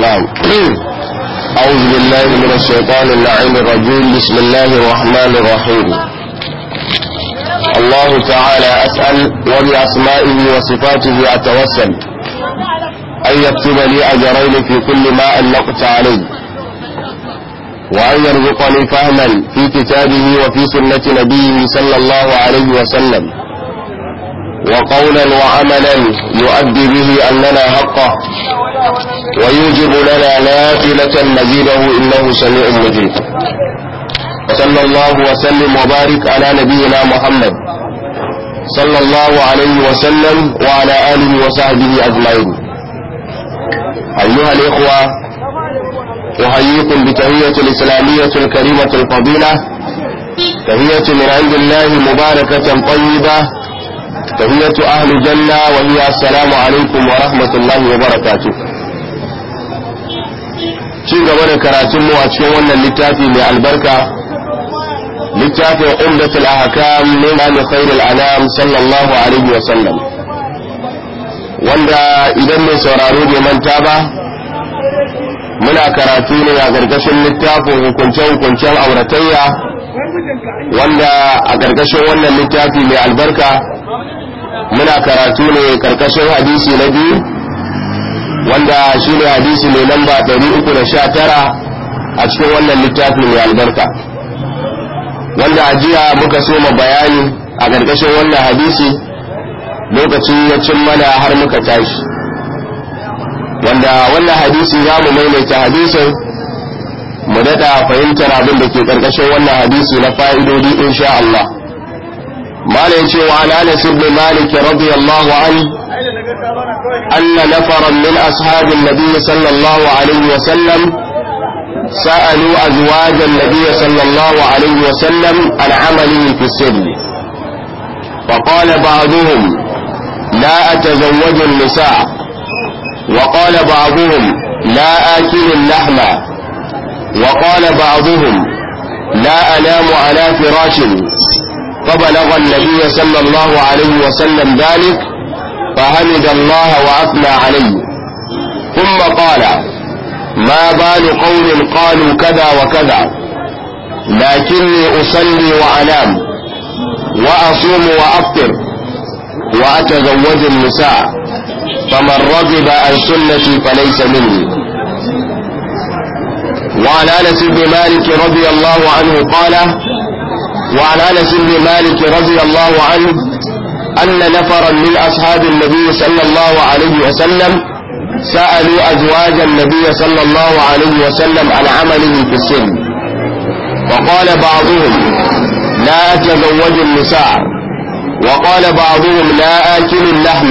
نعم أعوذ بالله من الشيطان اللعين الرجيم بسم الله الرحمن الرحيم الله تعالى أسأل وبأسمائه وصفاته أتوسل أن يكتب لي أجرين في كل ما ألقت عليه وأن يرزقني فهما في كتابه وفي سنة نبيه صلى الله عليه وسلم وقولا وعملا يؤدي به أننا حقه ويوجب لنا نافلة مزيده إنه سميع مجيب وصلى الله وسلم وبارك على نبينا محمد صلى الله عليه وسلم وعلى آله وصحبه أجمعين أيها الإخوة أحييكم بتهية الإسلامية الكريمة القبيلة تهية من عند الله مباركة طيبة tahiyatu ahli janna wa hiya assalamu alaikum wa rahmatullahi wa barakatuh ci gaba da karatunmu a cikin wannan littafi mai albarka littafin umdatul ahkam min ali khairul anam sallallahu alaihi wa sallam wanda idan mai sauraro bai manta ba muna karatu ne a gargashin littafin hukunce-hukuncen auratayya wanda a gargashin wannan littafi mai albarka muna karatu ne karkashin hadisi na biyu wanda shi ne hadisi mai lamba 319 a cikin wannan littafi mai albarka wanda a jiya muka soma bayani a karkashin wannan hadisi lokaci ya cin mana har muka tashi wanda wannan hadisi za mu maimaita hadisin mu daɗa fahimtar abin da ke karkashin wannan hadisi na fa'idodi insha Allah. mala ya ce أنس بن مالك رضي الله عنه أن نفرا من أصحاب النبي صلى الله عليه وسلم سألوا أزواج النبي صلى الله عليه وسلم عن عمله في السن فقال بعضهم لا أتزوج النساء وقال بعضهم لا آكل اللحم وقال بعضهم لا أنام على فراش فبلغ النبي صلى الله عليه وسلم ذلك فحمد الله وأثنى عليه ثم قال ما بال قوم قالوا كذا وكذا لكني أصلي وأنام وأصوم وأفطر وأتزوج النساء فمن رغب عن سنتي فليس مني وعن أنس بن مالك رضي الله عنه قال وعن أنس بن مالك رضي الله عنه أن نفرا من أصحاب النبي صلى الله عليه وسلم سألوا أزواج النبي صلى الله عليه وسلم عن عمله في السن وقال بعضهم لا أتزوج النساء وقال بعضهم لا آكل اللحم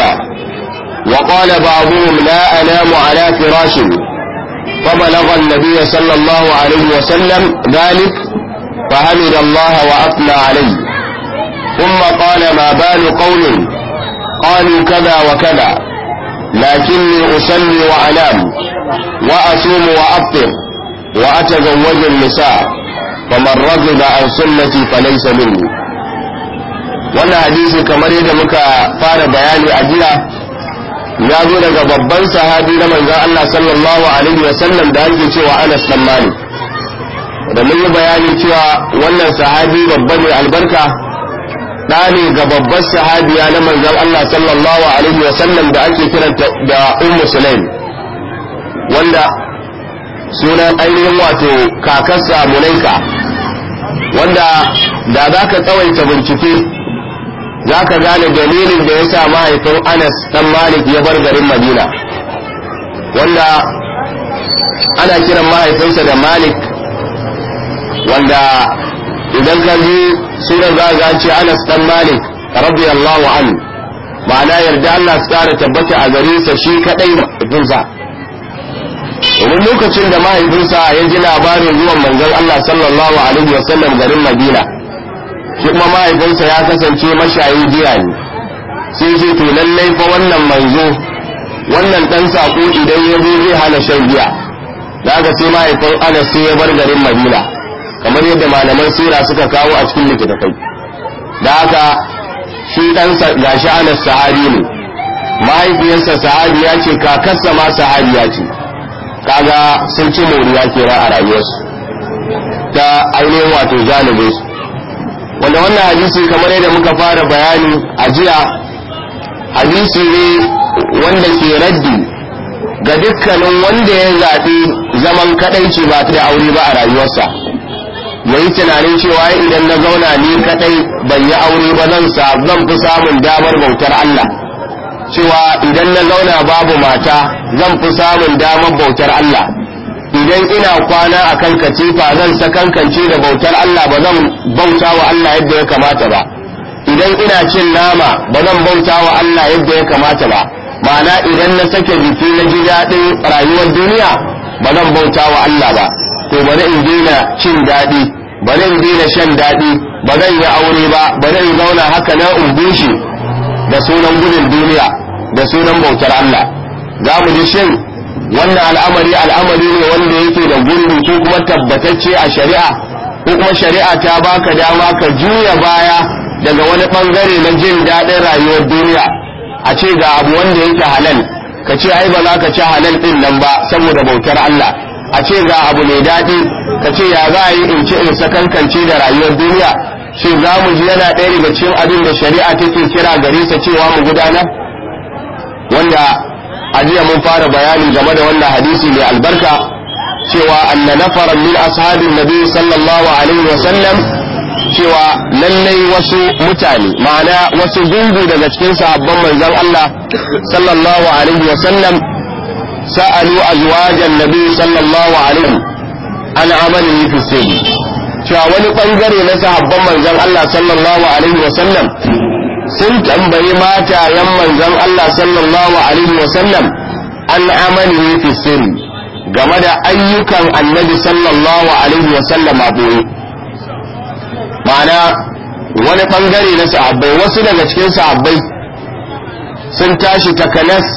وقال بعضهم لا أنام على فراش فبلغ النبي صلى الله عليه وسلم ذلك فحمد الله وأثنى عليه ثم قال ما بال قوم قالوا كذا وكذا لكني أصلي وأنام وأصوم وأفطر وأتزوج النساء فمن رغب عن سنتي فليس مني wannan hadisi kamar yadda muka fara bayani a jiya ya zo daga babban sahabi na manzon Allah sallallahu alaihi wa sallam da ake cewa Anas bin Malik da mun yi bayani cewa wannan sahabi babba mai albarka da ne ga babbar sahabiya na manzon Allah sallallahu alaihi wa sallam da ake kiranta da ummu sulaim wanda sunan ainihin wato kakarsa mulaika wanda da za ka tsawaita bincike za ka gane dalilin da ya sa mahaifin anas dan malik ya bar garin madina wanda ana kiran mahaifinsa da malik wanda idan ka ji sunan za ga ce Anas dan Malik radiyallahu anhu ma'ana yarda Allah su kara tabbata a gare sa shi kadai da mahaifinsa domin lokacin da mahaifinsa ya ji labarin zuwan manzon Allah sallallahu alaihi wasallam garin Madina shi kuma mahaifinsa ya kasance mashayi jiya ne sai ce to lallai fa wannan manzo wannan dan sako idan ya zo zai hana shan giya daga sai mahaifin Anas sai ya bar garin Madina kamar yadda malaman sira suka kawo a cikin littattafai da haka shi ɗansa gashi anas sahabi ne mahaifiyarsa ya ce kakarsa ma ya ce kaga sun ci moriya ra a rayuwarsu ta ainihin wato janibin su wanda wannan hadisi kamar yadda muka fara bayani a jiya hadisi ne wanda ke raddi ga dukkanin wanda ya zaɓi zaman kaɗaici ba ta da aure ba a rayuwarsa yayi tunanin cewa idan na zauna ni kadai ban yi aure ba zan sa zan fi samun damar bautar Allah cewa idan na zauna babu mata zan fi samun damar bautar Allah idan ina kwana a akan katifa zan sakankance da bautar Allah ba zan bauta wa Allah yadda ya kamata ba idan ina cin nama ba zan bauta wa Allah yadda ya kamata ba ma'ana idan na sake jiki na ji daɗin rayuwar duniya ba zan bauta wa Allah ba to bari in daina cin daɗi bari in daina shan daɗi ba zan yi aure ba bari in zauna haka na in bushe da sunan gudun duniya da sunan bautar Allah za mu ji shin wannan al'amari al'amari ne wanda yake da gurbi ko kuma tabbatacce a shari'a ko kuma shari'a ta baka dama ka juya baya daga wani bangare na jin daɗin rayuwar duniya a ce ga abu wanda yake halal ka ce ai ba za ka ci halal din nan ba saboda bautar Allah a ce ga abu mai daɗi ka ce ya za a yi in ce in sakankance da rayuwar duniya shi za mu ji yana ɗaya daga cikin abin da shari'a take kira gare sa cewa mu gudanar wanda a jiya mun fara bayani game da wannan hadisi mai albarka cewa anna nafaran min ashabin nabi sallallahu alaihi wa sallam cewa lallai wasu mutane ma'ana wasu gungu daga cikin sahabban manzon Allah sallallahu alaihi wa sallam sa'alu azwajan nabi sallallahu alaihi an amalihi fi sirri cewa wani bangare na sahabban manzon Allah sallallahu alaihi wa sallam sun tambayi matayen manzon Allah sallallahu alaihi wa sallam an amalihi fi sirri game da ayyukan annabi sallallahu alaihi wa sallam a boye ma'ana wani bangare na sahabbai wasu daga cikin sahabbai sun tashi takanas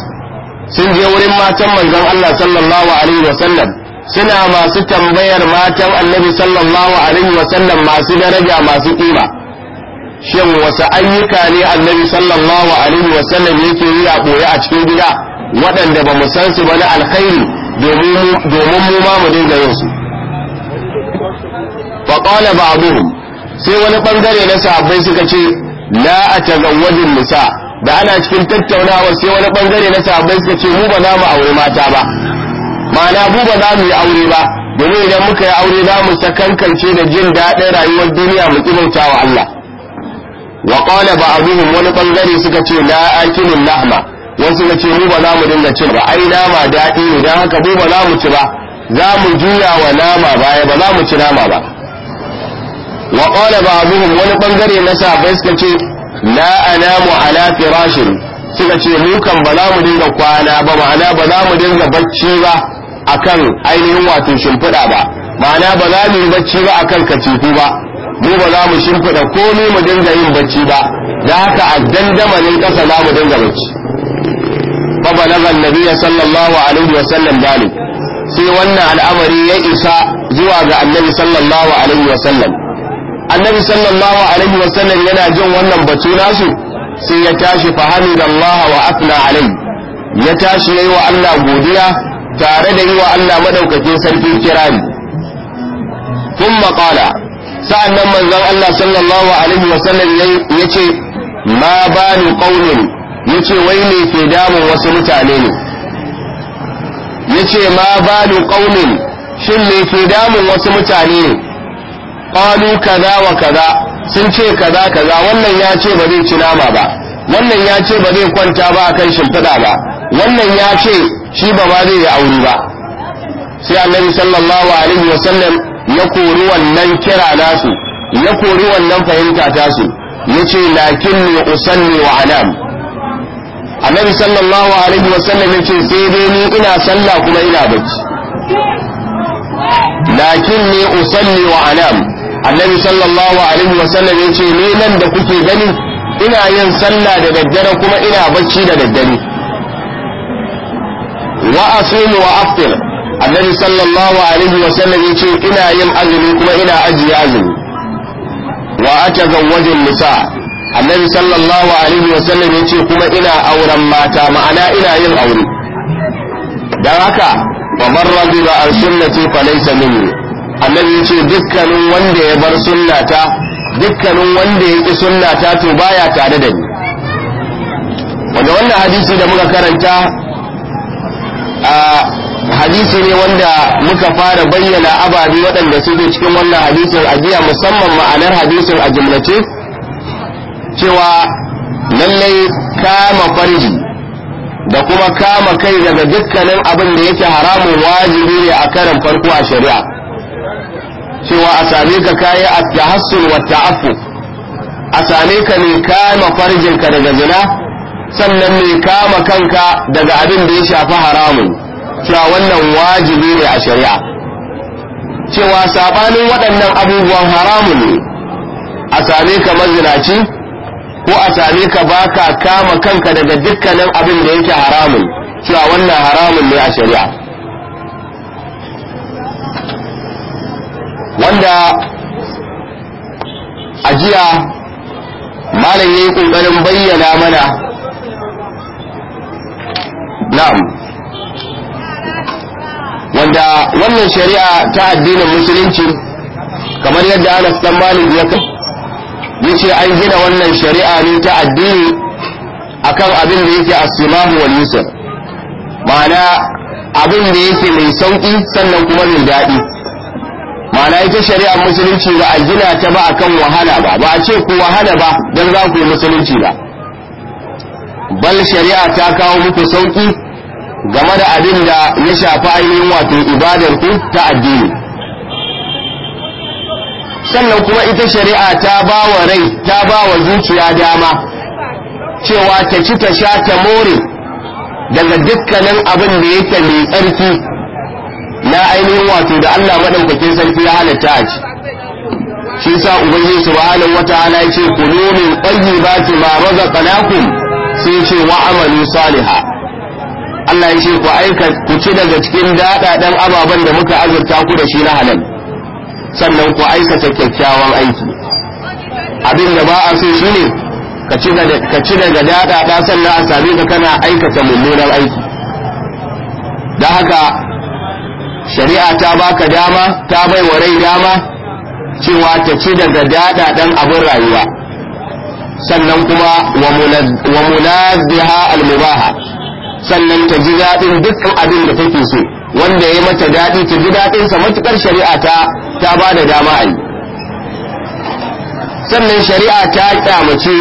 sun je wurin matan manzon Allah sallallahu alaihi sallam suna masu tambayar matan annabi sallallahu alaihi sallam masu daraja masu kima shin wasu ayyuka ne annabi sallallahu alaihi sallam yake yi a ɓoye a cikin gida waɗanda ba mu san su ba na alkhairi domin mu ma mu dinga yin su qala ba sai wani bangare na sahabbai suka ce la a nisa da ana cikin tattaunawa sai wani bangare na sahabbai suka ce mu ba za mu aure mata ba ma'ana mu ba za mu yi aure ba domin idan muka yi aure za mu sakankance da jin daɗin rayuwar duniya mu kibauta wa Allah wa qala ba'dhum wani bangare suka ce la akilun lahma wasu suka ce mu ba za mu dinga cin ba ai nama daɗi ne dan haka mu ba za mu ci ba za mu juya wa nama baya ba za mu ci nama ba wa qala ba'dhum wani bangare na sahabbai suka ce la anamu ala firashin suka ce mu kan ba za mu dinga kwana ba ma'ana ba za mu dinga bacci ba akan ainihin wato shimfiɗa ba ma'ana ba za mu yi bacci ba akan katifu ba mu ba za mu shimfiɗa komai mu dinga yin bacci ba da haka a dandamalin ƙasa za mu dinga bacci fa balagha annabi sallallahu alaihi wa sallam dalik sai wannan al'amari ya isa zuwa ga annabi sallallahu alaihi wa sallam annabi sallallahu alaihi sallam yana jin wannan batu nasu sai ya tashi fahamid Allah wa afna alai ya tashi yayi wa Allah godiya tare da yi wa Allah madaukakin sarki kirari thumma qala sa'annan manzon Allah sallallahu alaihi wasallam yace ma balu qaumin yace wai me ke damun wasu mutane ne yace ma balu qaumin shin me ke damun wasu mutane ne. qalu kaza wa kaza sun ce kaza kaza wannan ya ce ba zai ci nama ba wannan ya ce ba zai kwanta ba kan shimfida ba wannan ya ce shi ba ba zai yi aure ba sai annabi sallallahu alaihi wasallam ya kori wannan kira nasu ya kori wannan fahimta tasu yace lakinni usalli wa anam annabi sallallahu alaihi wasallam ce sai dai ni ina sallah kuma ina bacci lakinni usalli wa anam annabi sallallahu alaihi wasallam ya ce ni nan da kuke gani ina yin sallah da daddare kuma ina bacci da daddare wa asumu wa aftir annabi sallallahu alaihi wasallam ya ce ina yin azumi kuma ina ajiye azumi wa atazawwaju nisa annabi sallallahu alaihi wasallam ya ce kuma ina auren mata ma'ana ina yin aure dan haka wa man radiya an sunnati laysa minni annabi ce dukkanin wanda ya bar sunnata dukkanin wanda ya ƙi sunnata to baya tare da ni wanda wannan hadisi da muka karanta a hadisi ne wanda muka fara bayyana ababe waɗanda suke cikin wannan hadisin a jiya musamman ma'anar hadisin a cewa lallai kama farji da kuma kama kai daga dukkanin abin da yake haramun wajibi ne a karin farko a shari'a cewa a same ka kayi a tahassul wa ta'affu a same ka ne kama ka daga zina sannan ne kama kanka daga abin da ya shafi haramun cewa wannan wajibi ne a shari'a cewa sabanin waɗannan abubuwan haramun ne a same ka mazinaci ko a same ka baka kama kanka daga dukkanin abin da yake haramun cewa wannan haramun ne a shari'a wanda a jiya malam ya yi ƙoƙarin bayyana mana na'am wanda wannan shari'a ta addinin musulunci kamar yadda anas dan malik ya kai yace an gina wannan shari'a ne ta addini akan abin da yake as wal yusr ma'ana abin da yake mai sauki sannan kuma mai daɗi ma'ana ita shari'ar musulunci ba a gina ta ba akan wahala ba ba a ce ku wahala ba don za ku yi musulunci ba bal shari'a ta kawo muku sauki game da abin da ya shafi ainihin wato ibadar ku ta addini sannan kuma ita shari'a ta ba wa rai ta ba wa zuciya dama cewa ta ci ta sha ta more daga dukkanin abin da yake mai tsarki na ainihin wato da Allah madaukakin sarki ya halatta a ci shi sa ubangiji subhanahu wataala ya ce kulu min tayyibati ma razaqnakum sai ce wa amalu saliha Allah ya ce ku aika ku ci daga cikin dadadan ababen da muka azurta ku da shi na halal sannan ku aikata kyakkyawan aiki abin da ba a so shine ka ci daga dadada sannan a sami ka kana aikata mummunan aiki da haka shari'a ta baka dama ta bai wa rai dama cewa ta ci daga dada ɗan abin rayuwa sannan kuma wa munaziha almubaha sannan ta ji daɗin dukkan abin da take so wanda ya mata daɗi ta ji daɗinsa matuƙar shari'a ta ta ba dama a sannan shari'a ta kyamace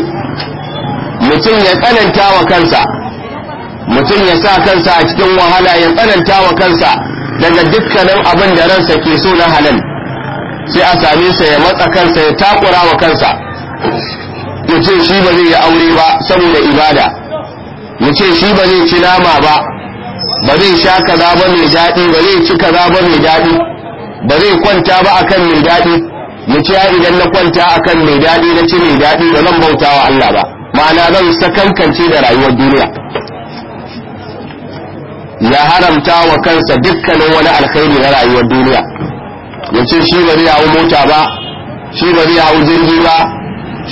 mutum ya tsananta wa kansa mutum ya sa kansa a cikin wahala ya tsananta wa kansa daga dukkanin abin da ransa ke so na halal sai a same sa ya matsa kansa ya takura wa kansa ya ce shi ba zai yi aure ba saboda ibada ya ce shi ba zai ci nama ba ba zai sha kaza ba mai daɗi ba zai ci kaza ba mai daɗi ba zai kwanta ba akan mai daɗi ya ce ya idan na kwanta akan mai daɗi na ci mai daɗi ba zan bauta wa Allah ba ma'ana zan sakankance da rayuwar duniya ya haramta wa kansa dukkanin wani alkhairi na rayuwar duniya ya ce shi ba zai hau mota ba shi ba zai hau jirgi ba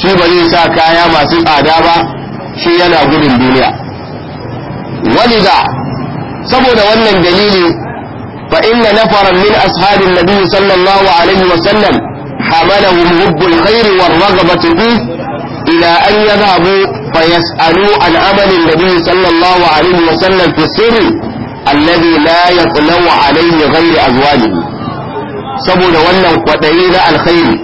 shi ba zai sa kaya masu tsada ba shi yana gudun duniya walida saboda wannan dalili fa inna nafaran min ashabin nabi sallallahu alaihi wa sallam hamalahum hubbul khair war raghabatu fi ila an yadhabu fa yas'alu an amali nabi sallallahu alaihi wa sallam fi sirri alladhi la yaqlaw alayhi ghayr azwajihi saboda wannan kwaɗayi na alkhairi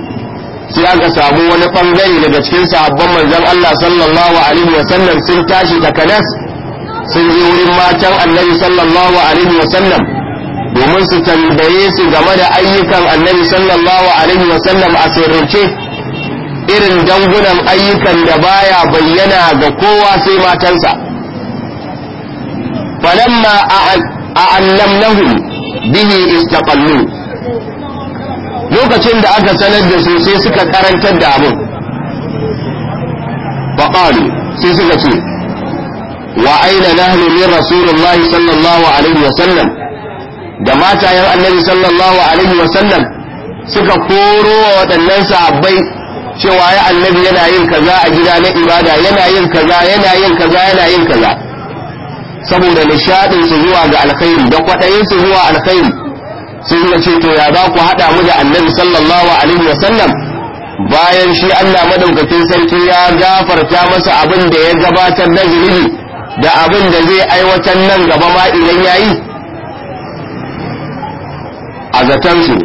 sai aka samu wani bangare daga cikin sahabban manzon Allah sallallahu alaihi wa sallam sun tashi takanas sun je wurin matan annabi wa sallam domin su tambaye su game da ayyukan annabi sallallahu alaihi wa sallam a sirrince irin dangunan ayyukan da baya bayyana ga kowa sai matansa a a'allamnahum bihi istaqallu lokacin da aka sanar da su sai suka karantar da abin faqalu sai suka ce wa aina nahnu min sallallahu alaihi wa sallam da matayen annabi sallallahu alaihi wa sallam suka koro wa waɗannan sahabbai cewa ya annabi yana yin kaza a gida na ibada yana yin kaza yana yin kaza yana yin kaza saboda nishaɗinsu su zuwa ga alkhairi da kwaɗayin su zuwa alkhairi sun yi ce to ya za ku haɗa mu da annabi sallallahu alaihi wasallam bayan shi Allah maɗaukacin sarki ya gafarta masa abin da ya gabatar na zunubi da abin da zai aiwatar nan gaba ma idan ya yi? a zatansu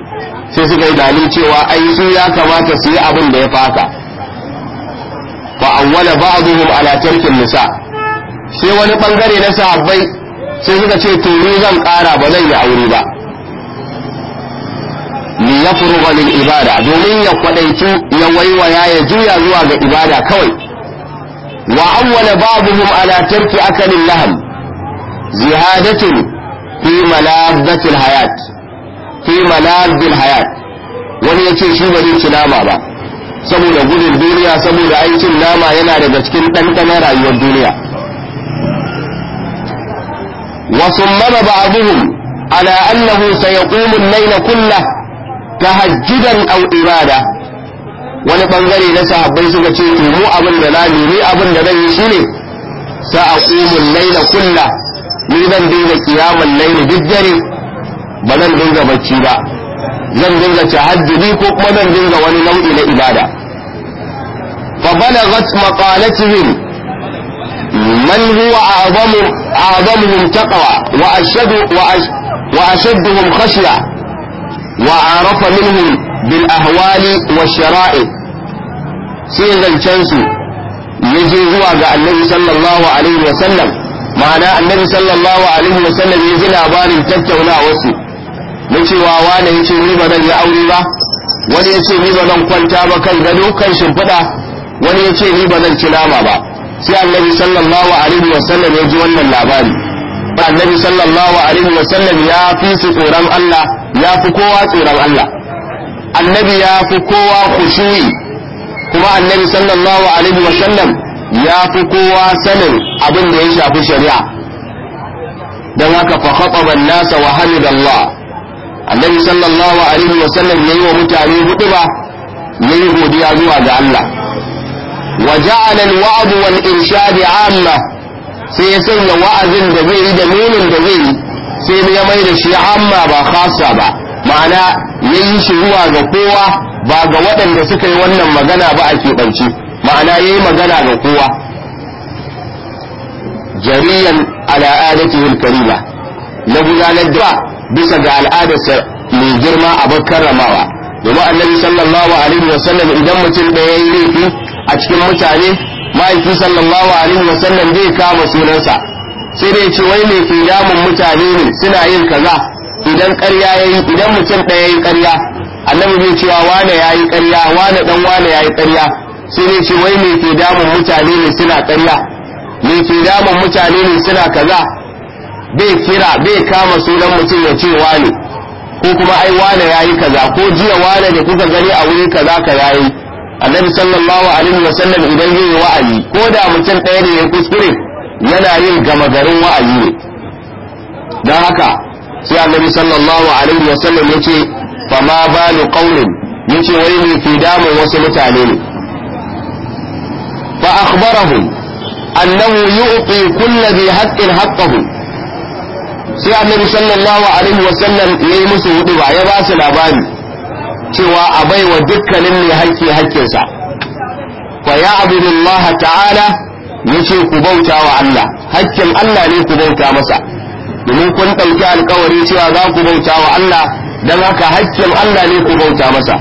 sai suka yi dalil cewa ai su ya kamata su yi abin da ya fata fa awwala ba'dhum ala tarkin nisa' sai wani bangare na sahabbai sai suka ce to ni zan kara ba zan yi aure ba li yafruga lil ibada domin ya kwadaitu ya waiwaya ya juya zuwa ga ibada kawai wa awwala babu ala tarki akalil lahm zihadatin fi malazatil hayat fi malazil hayat wani yace shi ba zai ci nama ba saboda gudun duniya saboda aikin nama yana daga cikin ɗanɗanon rayuwar duniya وصمم بعضهم على أنه سيقوم الليل كله تهجدا أو إبادة wani bangare na sahabbai suka ce mu abin da na nemi abin da zan yi shine sa kumun layla kulla ni zan dinga qiyamul layl duk dare ba zan dinga bacci ba zan dinga tahajjudi ko kuma zan dinga wani nau'i na ibada fa balagat maqalatihim من هو أعظم أعظمهم تقوى وأشد وأشدهم خشية وأعرف منهم بالأهوال والشرائع سيغا الشمس يجي زوا النبي صلى الله عليه وسلم ma'ana annabi sallallahu alaihi wasallam ya ji labarin tattaunawarsu na cewa wani ya ce ni ba zan yi aure ba wani ya ce ni ba zan kwanta ba kan gado kan shimfiɗa wani ya ce ni ba zan ci nama ba sai annabi sallallahu alaihi wa sallam ya ji wannan labari annabi sallallahu alaihi wa sallam ya fi su tsoron Allah ya fi kowa tsoron Allah annabi ya fi kowa khushu'i kuma annabi sallallahu alaihi wa sallam ya fi kowa sanin abin da ya shafi shari'a don haka fa khataba an-nasa wa hamidallah annabi sallallahu alaihi wa sallam yayi wa mutane hudu ba yayi godiya zuwa ga Allah Waje anan al-wa'd wal irshad 'amma sai ya sanya wa'azin da zai yi da munin da zai yi sai ya mai da shi amma ba khassa ba ma'ana yayi shi zuwa ga kowa ba ga waɗanda suka yi wannan magana ba a keɓance ma'ana yayi magana ga kowa Jariran ala adatihi al-karima na gudanar da bisa ga al'adarsa mai girma a karramawa domin annabi sallallahu alaihi wasallam idan mutum da yayi laifi a cikin mutane ma'aiki sallallahu alaihi sallam zai kama sunansa sai dai ce wai mai damun mutane ne suna yin kaza idan ƙarya yayi idan mutum ɗaya yayi ƙarya annabi zai cewa wane yayi ƙarya wane dan wane yayi ƙarya sai dai ce wai mai ke damun mutane ne suna ƙarya mai ke damun mutane ne suna kaza bai kira bai kama sunan mutum ya ce wane ko kuma ai wane yayi kaza ko jiya wane da kuka gani a wuri kaza ka yayi annabi sallallahu alaihi wa sallam idan yayi wa'azi ko da mutum ɗaya ne ya kuskure yana yin gama garin wa'azi ne don haka sai annabi sallallahu alaihi sallam ya ce fama balu qaumin yace wai ne ke damun wasu mutane ne fa akhbarahu annahu yu'ti kulli bi haqqin haqqahu sai annabi sallallahu alaihi wa sallam yayi musu hudu ba ya ba su labari cewa a baiwa dukkanin mai haƙƙi haƙƙinsa fa ya abudullah ta'ala yace ku bauta wa Allah haƙƙin Allah ne ku bauta masa domin kun ɗauki alkawari cewa za ku bauta wa Allah dan haka haƙƙin Allah ne ku bauta masa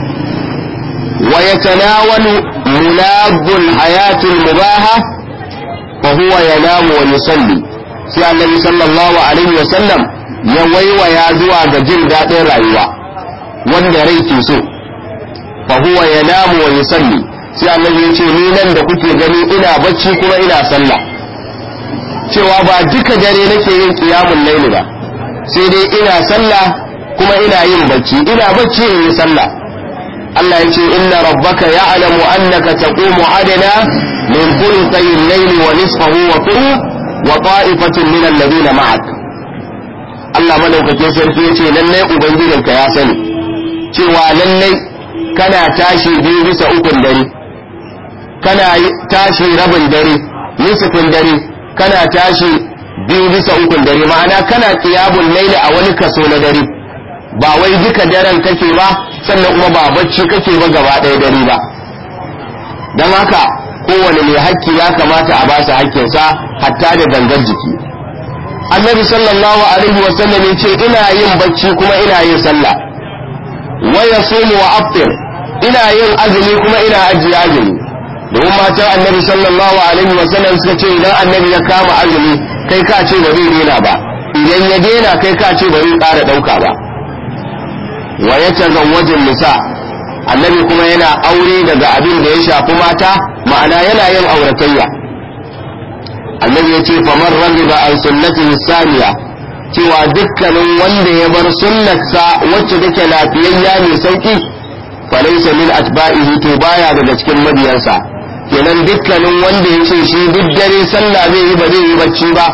wa yatanawalu munabul hayatul mubaha fa huwa yanamu wa yusalli sai annabi sallallahu alaihi wasallam ya waiwaya zuwa ga jin daɗin rayuwa wanda rai ke so fa huwa yanamu wa yusalli sai annabi ya ce ni nan da kuke gani ina bacci kuma ina sallah cewa ba duka dare nake yin qiyamul layli ba sai dai ina sallah kuma ina yin bacci ina bacci in yi sallah Allah ya ce inna rabbaka ya'lamu annaka taqumu adana min thuluthay al-layli wa nisfahu wa thuluth wa ta'ifatun min alladhina ma'ak Allah madaukake sarki yace lallai ubangijinka ya sani cewa lallai kana tashi biyu bisa ukun dare kana tashi rabin dare nisfin dare kana tashi biyu bisa ukun dare ma'ana kana qiyamul Laila a wani kaso na dare ba wai duka daren kake ba sannan kuma ba bacci kake ba gaba ɗaya dare ba dan haka kowane mai hakki ya kamata a bashi hakkinsa hatta da gangar jiki annabi sallallahu alaihi wasallam ya ce ina yin bacci kuma ina yin sallah waya yasumu wa aftir ina yin azumi kuma ina ajiye azumi domin matan annabi sallallahu alaihi wa sallam suka ce idan annabi ya kama azumi kai ka ce bari zai daina ba idan ya daina kai ka ce bari ƙara ɗauka ba wa ya tazawwajin nisa annabi kuma yana aure daga abin da ya shafi mata ma'ana yana yin auratayya annabi ya ce famar ragiba an sunnati saniya cewa dukkanin wanda ya bar sunnarsa wacce take lafiyayya mai sauki falaisa min atba'ihi to baya daga cikin mabiyansa kenan dukkanin wanda ya ce shi duk dare sallah zai yi ba zai yi bacci ba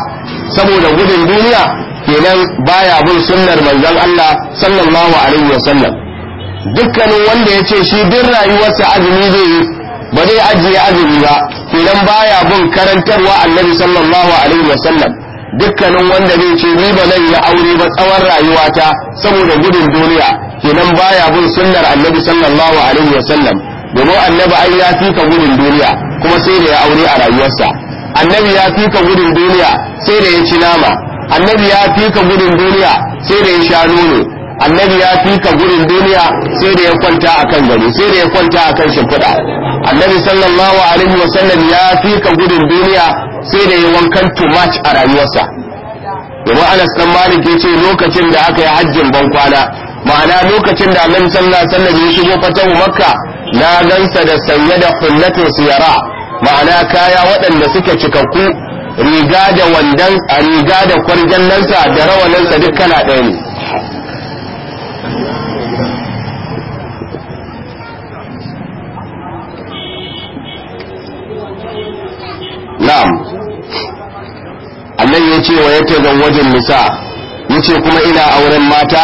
saboda gudun duniya kenan baya bin sunnar manzon Allah sallallahu alaihi wasallam dukkanin wanda ya ce shi duk rayuwarsa azumi zai yi ba zai ajiye azumi ba kenan baya bin karantarwa annabi sallallahu alaihi wasallam dukkanin wanda zai ce ni ba zan yi aure ba tsawon rayuwata saboda gudun duniya kenan baya bin sunnar annabi sallallahu alaihi wasallam domin annabi ai ya fika gudun duniya kuma sai da ya aure a rayuwarsa annabi ya fika gudun duniya sai da ya ci nama annabi ya fika gudun duniya sai da ya sha nono annabi ya fika gurin duniya sai da ya kwanta a kan gari sai da ya kwanta a kan shimfiɗa annabi sallallahu alaihi wasallam ya fika gudun duniya sai da ya wankan too much a rayuwarsa yabo anas dan malik yace lokacin da aka yi hajjin ban kwana ma'ana lokacin da annabi sallallahu alaihi wasallam ya shigo fatan makka na gansa da sanye da hullatin siyara ma'ana kaya waɗanda suke cikakku riga da wandan riga da kwarjan nansa da rawanansa duk kana ɗaya ne yace wa wajen nisa yace kuma ina auren mata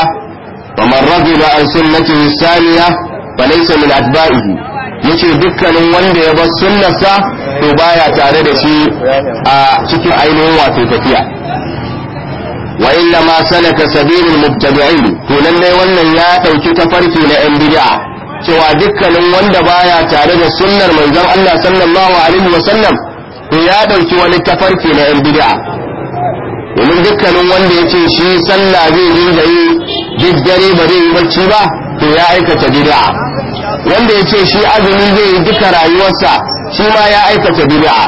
wa man raghiba an sunnatihi saniya laysa min atba'ihi yace dukkanin wanda ya bar sunnarsa to baya tare da shi a cikin ainihin wato tafiya wa illa ma salaka sabilul mubtadi'in to lalle wannan ya dauki tafarki na yan bid'a cewa dukkanin wanda baya tare da sunnar manzon Allah sallallahu alaihi wasallam to ya dauki wani tafarki na yan bid'a domin dukkanin wanda ya ce shi sallah zai dinga yi duk dare ba zai yi barci ba to ya aikata bid'a wanda ya ce shi azumi zai yi duka rayuwarsa shi ma ya aikata bid'a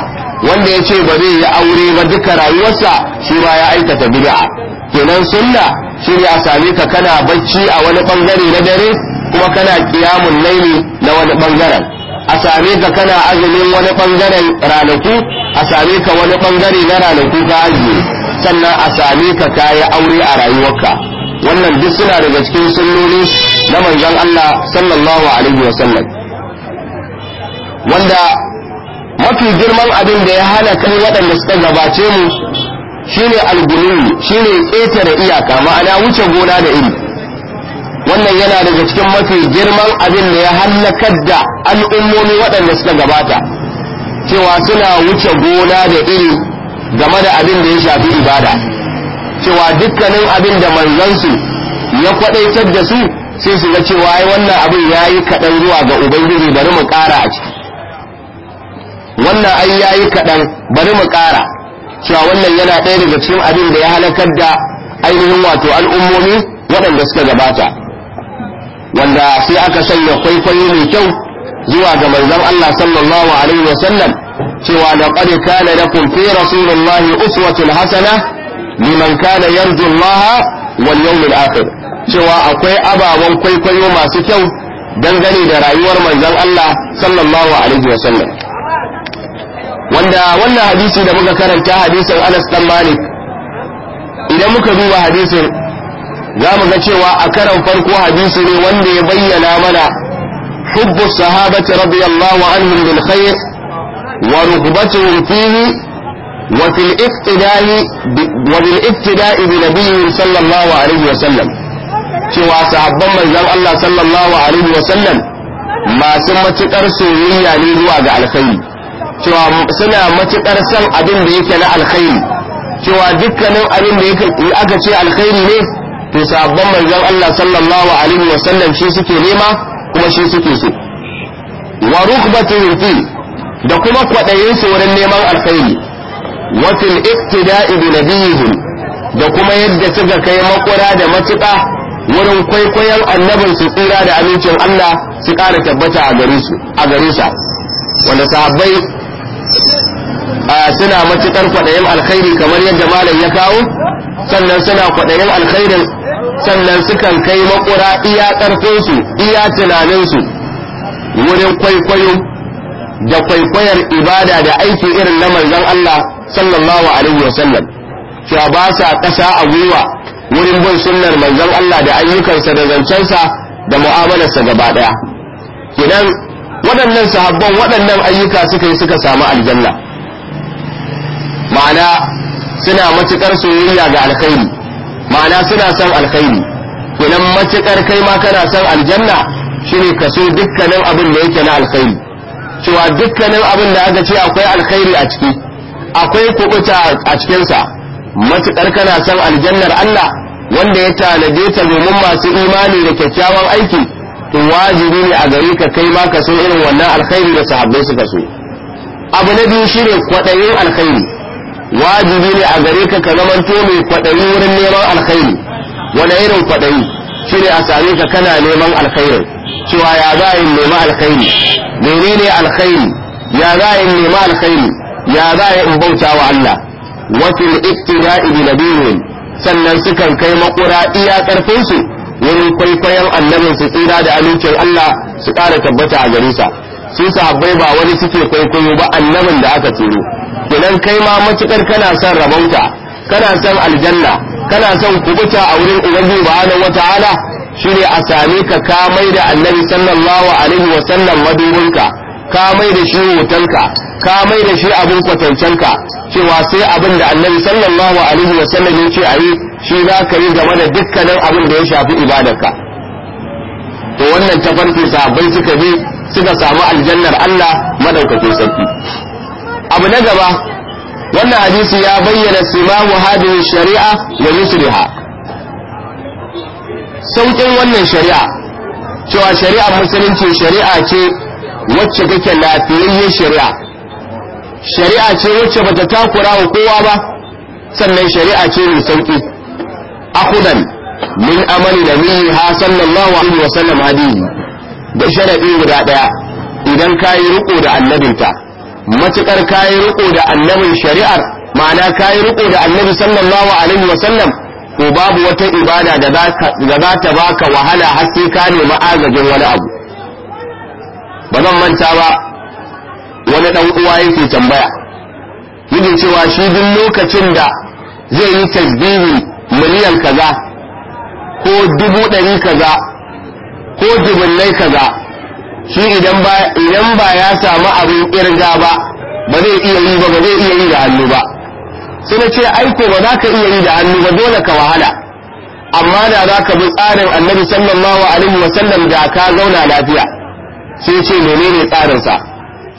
wanda ya ce ba zai yi aure ba duka rayuwarsa shi ma ya aikata bid'a kenan sunna shi ne a same ka kana barci a wani bangare na dare kuma kana kiyamun laili na wani bangaren a same ka kana azumin wani bangaren ranaku a same ka wani bangare na ranaku ka ajiye sannan a same ka kayi aure a rayuwarka wannan duk suna daga cikin sunnoni na manzon Allah sallallahu alaihi wa sallam wanda mafi girman abin da ya hana kai waɗanda suka gabace mu shine algulumi shine ƙetare iyaka ma'ana wuce gona da iri wannan yana daga cikin mafi girman abin da ya hallakar da al'ummomi waɗanda suka gabata cewa suna wuce gona da iri game da abin da ya shafi ibada cewa dukkanin abin da manzansu ya kwadaitar da su sai su ga cewa ai wannan abin ya yi zuwa ga ubangiji bari mu ƙara a ciki wannan ai ya yi kaɗan bari mu kara cewa wannan yana ɗaya daga cikin abin da ya halakar da ainihin wato al'ummomi waɗanda suka gabata wanda sai aka sanya kwaikwayo mai kyau zuwa ga manzon Allah sallallahu alaihi wa sallam cewa da qad kana lakum fi rasulillahi uswatun hasana liman kana yarju Allah wal yawmil akhir cewa akwai ababen kwaikwayo masu kyau dangane da rayuwar manzon Allah sallallahu alaihi sallam. wanda wannan hadisi da muka karanta hadisin Anas dan Malik idan muka duba hadisin za mu ga cewa a karan farko hadisi ne wanda ya bayyana mana hubbu sahabati radiyallahu anhum bil khair ورغبتهم فيه وفي الاقتداء وبالاقتداء بنبي صلى الله عليه وسلم cewa sahabban manzon Allah sallallahu alaihi wasallam masu matukar soyayya ne zuwa ga alkhairi cewa suna matukar son abin da yake na alkhairi cewa dukkanin abin da yake aka ce alkhairi ne to sahabban manzon Allah sallallahu alaihi wa wasallam shi suke nema kuma shi suke so wa rukbatun fi da kuma kwaɗayin su wurin neman alkhairi wa fil iqtida'i bi nabiyihim da kuma yadda suka kai makura da matuƙa wurin kwaikwayon annabin su tsira da amincin Allah su ƙara tabbata a gare su a gare sa wanda sahabbai suna matuƙar kwaɗayin alkhairi kamar yadda malam ya kawo sannan suna kwaɗayin alkhairin sannan sukan kai makura iya ƙarfinsu iya tunaninsu wurin kwaikwayo da kwaikwayar ibada da aiki irin na manzon Allah sallallahu alaihi wasallam cewa ba sa kasa a gwiwa wurin bin sunnar manzon Allah da ayyukansa da zancensa da mu'amalarsa gaba daya idan waɗannan sahabban waɗannan ayyuka suka yi suka samu aljanna ma'ana suna matukar soyayya ga alkhairi ma'ana suna son alkhairi idan matukar kai ma kana son aljanna shine kaso dukkanin abin da yake na alkhairi cewa dukkanin abin da aka ce akwai alkhairi a ciki akwai kubuta a cikinsa matuƙar kana son aljannar Allah wanda ya tanade ta domin masu imani da kyakkyawan aiki to wajibi ne a gari ka kai ma ka irin wannan alkhairi da sahabbai suka so abu na biyu shine kwaɗayin alkhairi wajibi ne a gare ka ka zamanto mai kwaɗayi wurin neman alkhairi wani irin kwaɗayi shine a same ka kana neman alkhairin cewa ya za in nemi alkhairi menene alkhairi ya za in nemi alkhairi ya za in bauta wa Allah wasil ibtida'i ibi nabiyyin sannan sukan kai makura iya karfin su wurin kwaikwayon annabin su tsira da amincin Allah su ƙara tabbata a gare sa su sahabbai ba wani suke kwaikwayo ba annabin da aka tsoro. idan kai ma matukar kana son rabauta kana son aljanna kana son kubuta a wurin ubangiji wata wataala shine a same ka ka mai da annabi sallallahu alaihi wa sallam madubinka ka mai da shi hotonka ka mai da shi abin kwatancenka cewa sai abin da annabi sallallahu alaihi wa sallam ya ce a shi za ka yi game da dukkanin abin da ya shafi ibadarka to wannan ta tafarki sahabbai suka bi suka samu aljannar Allah madaukakin sarki abu na gaba wannan hadisi ya bayyana simamu hadin shari'a wa yusriha sauƙin wannan shari'a cewa shari'a musulunci shari'a ce wacce kake lafiyayyen shari'a shari'a ce wacce bata takura wa kowa ba sannan shari'a ce mai sauƙi akudan min amali da min ha sallallahu alaihi wa sallam hadihi da sharadi guda ɗaya idan kayi riko da annabinta matukar kayi riko da annabin shari'ar ma'ana kayi riko da annabi sallallahu alaihi wa sallam ko babu wata ibada da za ta baka wahala har sai ka nemi agajin wani abu ba zan manta ba wani dan uwa yake tambaya yake cewa shi duk lokacin da zai yi tasbihi miliyan kaza ko dubu ɗari kaza ko jibinnai kaza shi idan ba idan ba ya samu abin kirga ba ba zai iya yi ba ba zai iya yi da hannu ba sai na ce aiko ba za ka iya yi da hannu ba dole ka wahala amma da za ka bi tsarin annabi sallallahu alaihi wa sallam da ka zauna lafiya sai ce menene tsarin sa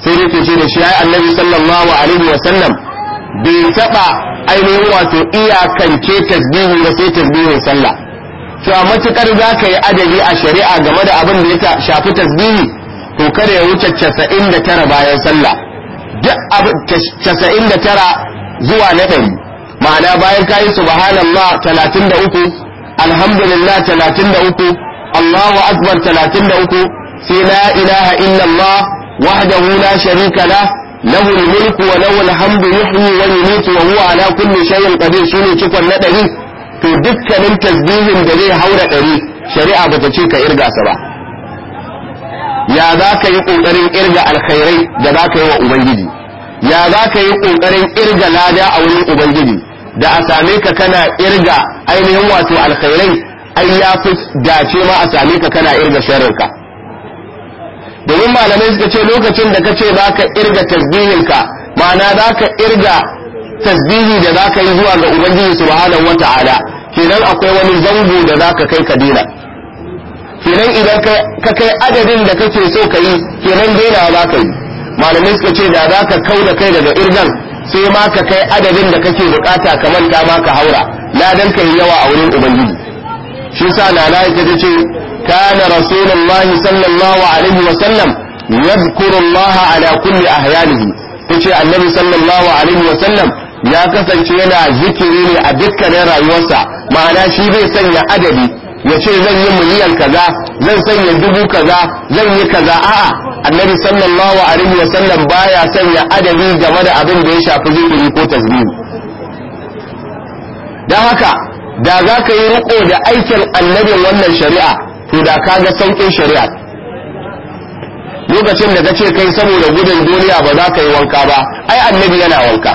sai yake ce da shi ai annabi sallallahu alaihi wa sallam bai taba ainihin wato iyakance tasbihi da sai tasbihin sallah to a matukar za ka yi adadi a shari'a game da abin da ya shafi tasbihi to kada ya wuce 99 bayan sallah duk 99 zuwa na ɗari ma'ana bayan ka yi subhanallah talatin da uku alhamdulillah talatin da uku allahu akbar talatin da uku sai la ilaha illallah wahdahu la sharika lah له الملك وله الحمد يحيي ويميت وهو على كل شيء قدير شنو cikon na ɗari to kanin tasbihin da zai haura ɗari shari'a bata ce ka irga sa ba ya za ka yi ƙoƙarin irga alkhairai da za ka yi wa ubangiji ya za ka yi ƙoƙarin irga lada a wurin ubangiji da a same ka kana irga ainihin wato alkhairai ai ya fi dace ma a same ka kana irga sharrinka domin malamai suka ce lokacin da ka ce za ka irga tasbihinka ma'ana za ka irga tasbihi da za ka yi zuwa ga ubangiji su subhanahu wata'ala kenan akwai wani zango da za ka kai ka dina kenan idan ka kai adadin da kake so ka yi kenan daina za ka yi malamai suka ce da za ka kau da kai daga irgan sai ma ka kai adadin da kake bukata ka manta ma ka haura ladan ka yi yawa a wurin ubangiji shi sa na na ita ce kana rasulullahi sallallahu alaihi wa sallam yadhkuru allaha ala kulli ahyanihi tace annabi sallallahu alaihi wa sallam ya kasance yana zikiri ne a dukkanin rayuwarsa ma'ana shi bai sanya adadi ya ce zan yi miliyan kaza zan sanya dubu kaza zan yi kaza a'a annabi sallallahu alaihi wasallam baya sanya adadi game da abin da ya shafi zikiri ko tasbihu dan haka da za ka yi riko da aikin annabin wannan shari'a to da ka ga saukin shari'a lokacin da kace kai saboda gudun duniya ba za ka yi wanka ba ai annabi yana wanka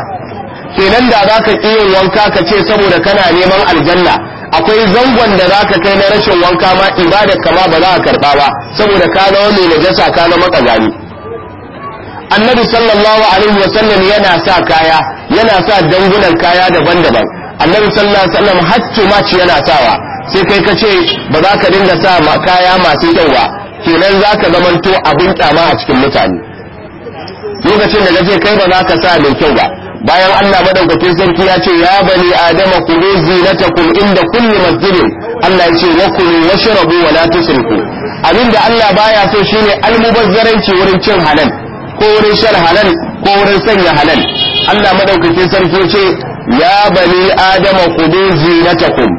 kenan da za ka ki yin wanka ka ce saboda kana neman aljanna akwai zangon da zaka kai na rashin wanka ma ibada kama ba za a karba ba saboda ka zama mai najasa ka zama kazani annabi sallallahu alaihi wasallam yana sa kaya yana sa dangunan kaya daban-daban annabi sallallahu alaihi wasallam ma ci yana sawa sai kai ka ce ba za ka dinga sa kaya masu kyau ba kenan za ka zamanto abin kyama a cikin mutane lokacin da ce kai ba za ka sa mai kyau ba bayan Allah madaukakin sarki ya ce ya bani adama kulu zinatakum inda kulli masjidin Allah ya ce wa kulu washrabu wa la tusrifu abinda Allah baya so shine almubazzaranci wurin cin halal ko wurin shan halal ko wurin sanya halal Allah madaukakin sarki ya ce ya bani adama kulu zinatakum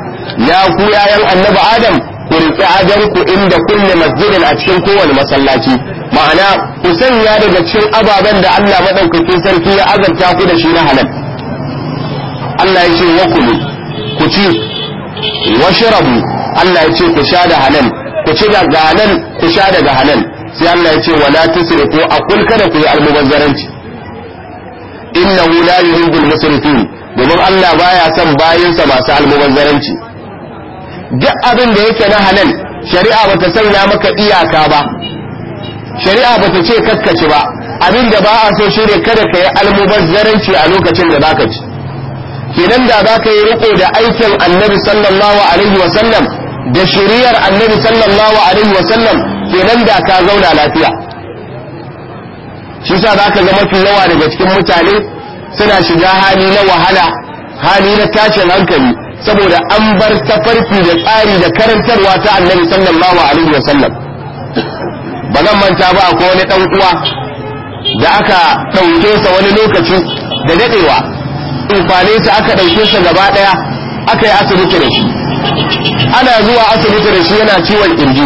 ya ku yayan annabi adam ku riƙi ku inda kulle masjidin a cikin kowane masallaci ma'ana ku sanya daga cikin ababen da Allah maɗaukakin sarki ya azanta ku da shi na halal Allah ya ce wa kulu ku ci wa shirabu Allah ya ce ku sha da halal ku ci daga halal ku sha daga halal sai Allah ya ce wala tusrifu kul kada ku yi almubazzaranci innahu la yuhibbul musrifin domin Allah baya son bayinsa masu almubazzaranci duk abin da yake na halal shari'a bata sanya maka iyaka ba shari'a bata ce ci ba abin da ba a so shine kada ka yi almubazzaranci a lokacin da zaka ci kenan da zaka yi riko da aikin annabi sallallahu alaihi wa sallam da shari'ar annabi sallallahu alaihi wa sallam kenan da ka zauna lafiya shi sa zaka ga mafi yawa daga cikin mutane suna shiga hali na wahala hali na tashin hankali saboda an bar tafarki da tsari da karantarwa ta annabi sallallahu alaihi wasallam ba zan manta ba akwai wani dan uwa da aka ɗauke sa wani lokaci da dadewa umfane sa aka ɗauke sa gaba daya aka yi asibiti da shi ana zuwa asibiti da shi yana ciwon kirji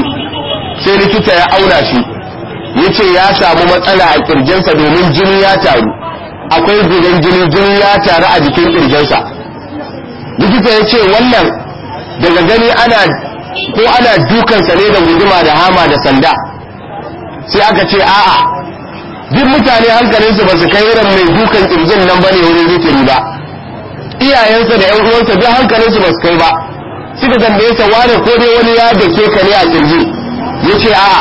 sai likita ya auna shi yace ya samu matsala a kirjinsa domin jini ya taru akwai gudan jini jini ya taru a jikin kirjinsa likita ya ce wannan daga gani ana ko ana dukansa ne da guduma da hama da sanda sai aka ce a'a duk mutane hankalinsu ba su kai irin mai dukan kirjin nan bane wurin zikiri ba iyayensa da yan uwansa duk hankalinsu ba su kai ba suka tambaye sa wani ko dai wani ya dake ka ne a kirji yace a'a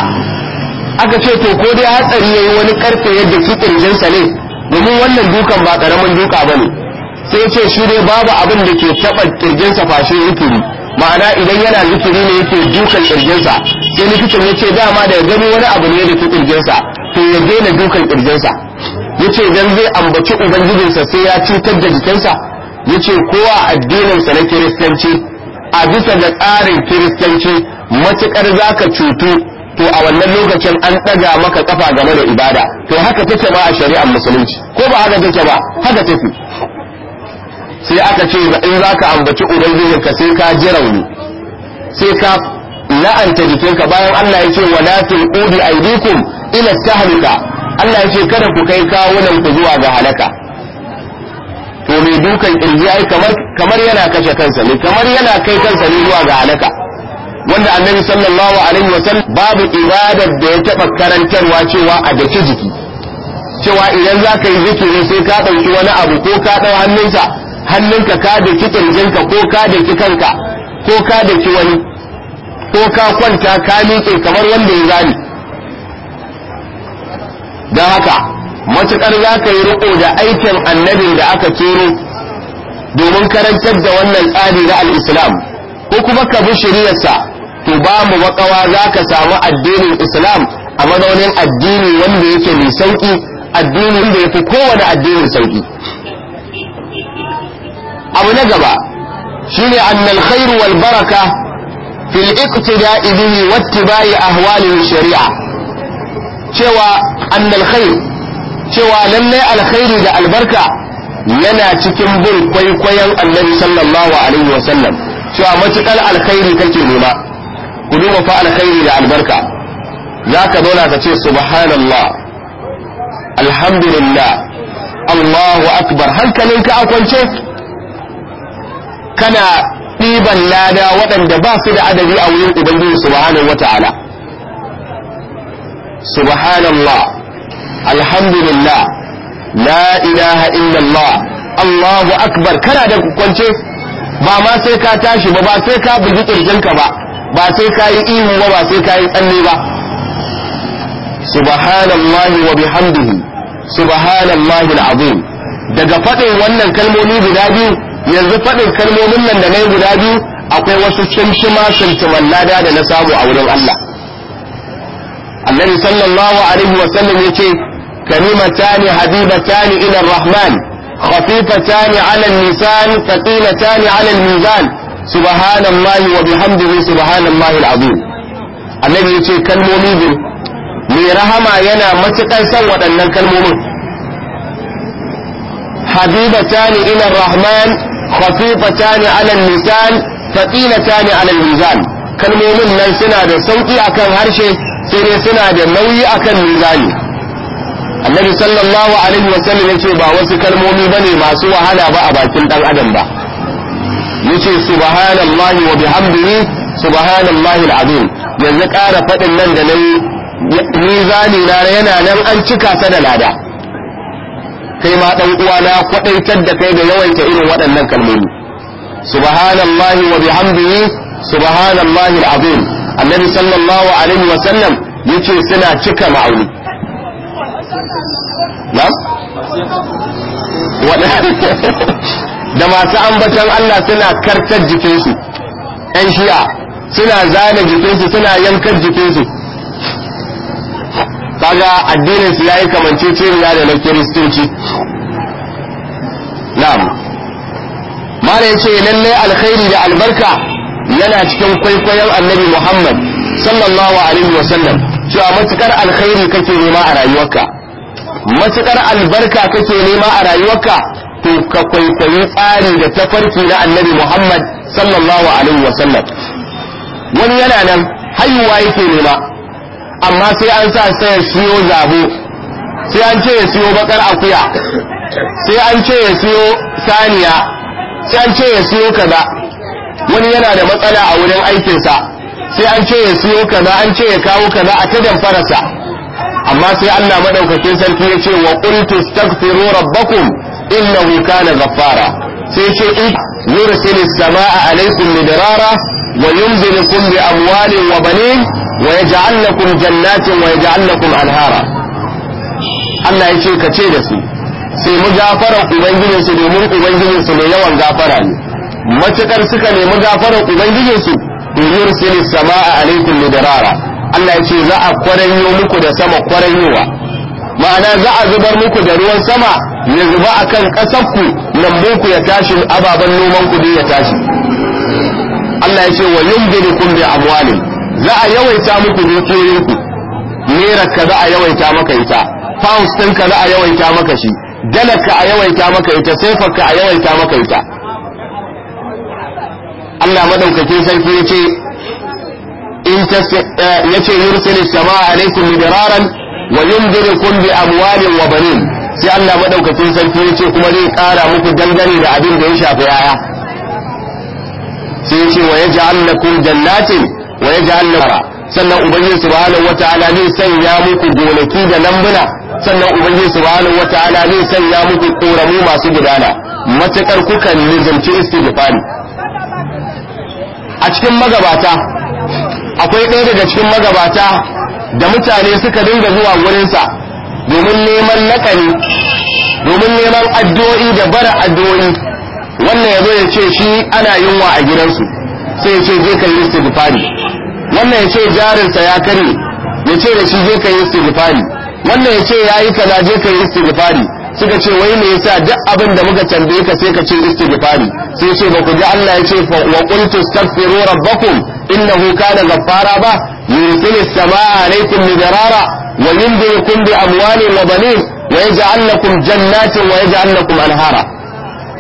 aka ce to ko dai hatsari ya yi wani karfe yadda ki kirjinsa ne domin wannan dukan ba karamin duka bane sai ce shi dai babu abin da ke taba kirjinsa fashe zikiri ma'ana idan yana zikiri ne yake dukan kirjinsa sai likitan ya ce dama da gani wani abu ne da ke kirjinsa to ya daina dukan kirjinsa ya ce dan zai ambaci ubangijinsa sai ya cutar da jikinsa ya ce kowa addininsa na kiristanci a bisa ga tsarin kiristanci matuƙar za ka cutu to a wannan lokacin an ɗaga maka kafa game da ibada to haka take ma a shari'ar musulunci ko ba haka take ba haka take sai aka ce in za ka ambaci ubangijin ka sai ka ji rauni sai ka la'anta jikinka bayan Allah ya ce wala tulqudi aydikum ila tahlika Allah ya ce kada ku kai kawunan ku zuwa ga halaka to me dukan kirji ai kamar kamar yana kashe kansa ne kamar yana kai kansa ne zuwa ga halaka wanda annabi sallallahu alaihi wasallam babu ibadar da ya taba karantarwa cewa a dace jiki cewa idan za ka yi zikiri sai ka ɗauki wani abu ko ka ɗau hannunsa hannunka ka da ki kirjinka ko ka da ki kanka ko ka da ki wani ko ka kwanta ka miƙe kamar wanda ya zani don haka matuƙar za ka yi riƙo da aikin annabi da aka turo domin karantar da wannan tsari na al'islam ko kuma ka bi shiriyarsa to ba mu za ka samu addinin islam a mazaunin addini wanda yake mai sauƙi addini da ya fi kowane addinin sauƙi abu na gaba shine annal khairu wal baraka fil iqtida'i bihi wattiba'i ahwalihi shari'a cewa annal khair cewa lalle alkhairi da albarka yana cikin bin kwaikwayon annabi sallallahu alaihi wa sallam cewa matukar alkhairi kake nema ku duba fa alkhairi da albarka zaka zauna ka ce subhanallah alhamdulillah Allahu akbar hankalinka a kwance kana ɗiban lada waɗanda ba su da adadi a wurin ubangiji subhanahu wata'ala subhanallah alhamdulillah la ilaha illallah allahu akbar kana da kwance ba ma sai ka tashi ba ba sai ka bugi kirjinka ba ba sai ka yi ihu ba ba sai ka yi tsalle ba subhanallahi wa bihamdihi subhanallahi alazim daga faɗin wannan kalmomi guda biyu yanzu faɗin kalmomin nan da na yi guda biyu akwai wasu cimcima shimtiman lada da na samu a wurin Allah annabi sallallahu alaihi wa sallam ya ce. ta Habiba ta habibatani ila rahman ta khafifatani ala nisan ta thaqilatani ala mizan mahi wa bihamdihi subhanallahi alazim annabi yace kalmomi biyu mai rahama yana matuƙar son waɗannan kalmomin Habiba ta habibatani ila rahman khafifatan ala lisan faqilatan ala mizan kalmomin nan suna da sauki akan harshe sai dai suna da nauyi akan mizani annabi sallallahu alaihi wasallam yace ba wasu kalmomi ne masu wahala ba a bakin dan adam ba yace subhanallahi wa bihamdihi subhanallahi alazim yanzu ƙara faɗin nan da nayi mizani na yana nan an cika sa da lada kai ma dan uwa na kwadaitar da kai da yawaita irin waɗannan kalmomi subhanallahi wa bihamdihi subhanallahi alazim annabi sallallahu alaihi wa sallam yace suna cika ma'auni da masu ambatan Allah suna kartar jikinsu ƴan shi'a suna zane jikinsu suna yankar jikinsu kaga addinin su yayi kamanceceniya da na kiristoci na'am mala yace lalle alkhairi da albarka yana cikin kwaikwayon annabi Muhammad sallallahu alaihi wa sallam cewa matukar alkhairi kake nema a rayuwarka matukar albarka kake nema a rayuwarka to ka kwaikwayi tsari da tafarki na annabi Muhammad sallallahu alaihi wa sallam wani yana nan haihuwa yake nema amma sai an sa sai ya siyo zabo sai an ce ya siyo bakar akuya sai an ce ya siyo saniya sai an ce ya siyo kaza wani yana da matsala a wurin aikinsa sai an ce ya siyo kaza an ce ya kawo kaza a ta farasa. amma sai Allah madaukakin sarki ya ce wa qultu astaghfiru rabbakum innahu kana ghaffara sai ce yursilis samaa alaikum midrara wa yunzilukum bi amwalin wa banin wa yaj'al lakum jannatin wa yaj'al lakum anhara Allah ya ce ka ce da su sai mu gafara ubangijin su domin ubangijin su mai yawan gafara ne matukar suka nemi gafara ubangijin su domin sili sama'a alaikum midrara Allah ya ce za a kwaranyo muku da sama kwaranyowa ma'ana za a zubar muku da ruwan sama ya zuba akan kasar ku lambu ku ya tashi ababen noman ku ya tashi Allah ya ce wa yumdirukum bi za a yawaita muku dukiyoyinku naira ka za a yawaita maka ita pounds ka za a yawaita maka shi dalar ka a yawaita maka ita saifar ka a yawaita maka ita Allah madaukakin sarki ya ce in eh, ya yace yursil sama alaikum midraran wa yundirukum bi amwalin wa banin sai Allah madaukakin sarki yace ce kuma zai kara muku dangane da abin da ya shafi yaya sai ya wa yaj'al lakum jannatin wa ya yaj'al lakum sannan ubangiji subhanahu wataala zai sanya muku gonaki da lambuna sannan ubangiji subhanahu wataala zai sanya muku koramu masu gudana matakar kukan nizamci istighfari a cikin magabata akwai ɗaya daga cikin magabata da mutane suka dinga zuwa wurinsa domin neman lakari domin neman addu'o'i da bara addu'o'i wannan ya zo ya ce shi ana yunwa a gidansu sai ya ce je ka yi istighfari wannan ya ce jarinsa ya kare ya ce da shi je ka yi istighfari wannan ya ce ya yi kaza je ka yi istighfari suka ce wai me yasa duk abin da muka tambaye ka sai ka ce istighfari sai ce ba ku ji Allah ya ce wa qultu astaghfiru rabbakum innahu kana ghaffara ba yursilu as-samaa alaykum midrara wa yumdidukum bi amwalin wa banin wa yaj'al lakum jannatin wa yaj'al lakum anhara